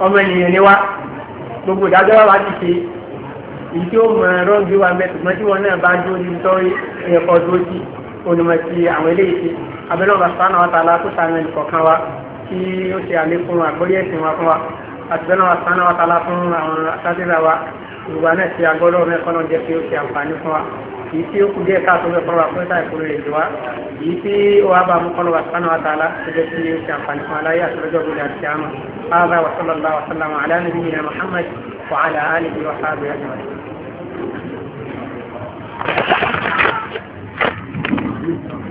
ọmọ ènìyàn ni wá gbogbo ìdájọ́ wa wá ti ṣe èyí tí ó mọ ẹ̀rọ gbé wa mẹ́tò mọ́ tí wọn náà bá dúró ní sọ́rí ẹ̀kọ́ dúró sí onímọ̀ sí àwọn eléyìí abẹ́lẹ́ ọba sọ́nà wa tààlà kó sàmì ẹnìkọ̀ọ̀kan wa kí ó ṣe àlékún àgbọ́yé ẹ̀sìn wa fún wa àtìbẹ́lẹ́ ọba sọ́nà wa tààlà fún àwọn asátìrà wa ìwà náà ṣe agbọ́dọ̀ mẹ́kọ́nà jẹ́ pé ó ṣe àǹfààní fún wa èyí tí ó kù díẹ̀ káàtó bẹ́ẹ̀ kọ́lọ́wà fún ìta ìkórè rẹ̀ wá èyí tí ó wá bá mú kọ́lọ́wà sánú àtàlá ẹgbẹ́ tí ó ti àǹfààní fún aláyé àtọ́jọ́ gbòdì àti àmà áàbà wàsálàlá wàsálàmà aláàlú bíi ìyá Muhammad wà á làá níbi wàhálà bẹ́ẹ̀ Thank you.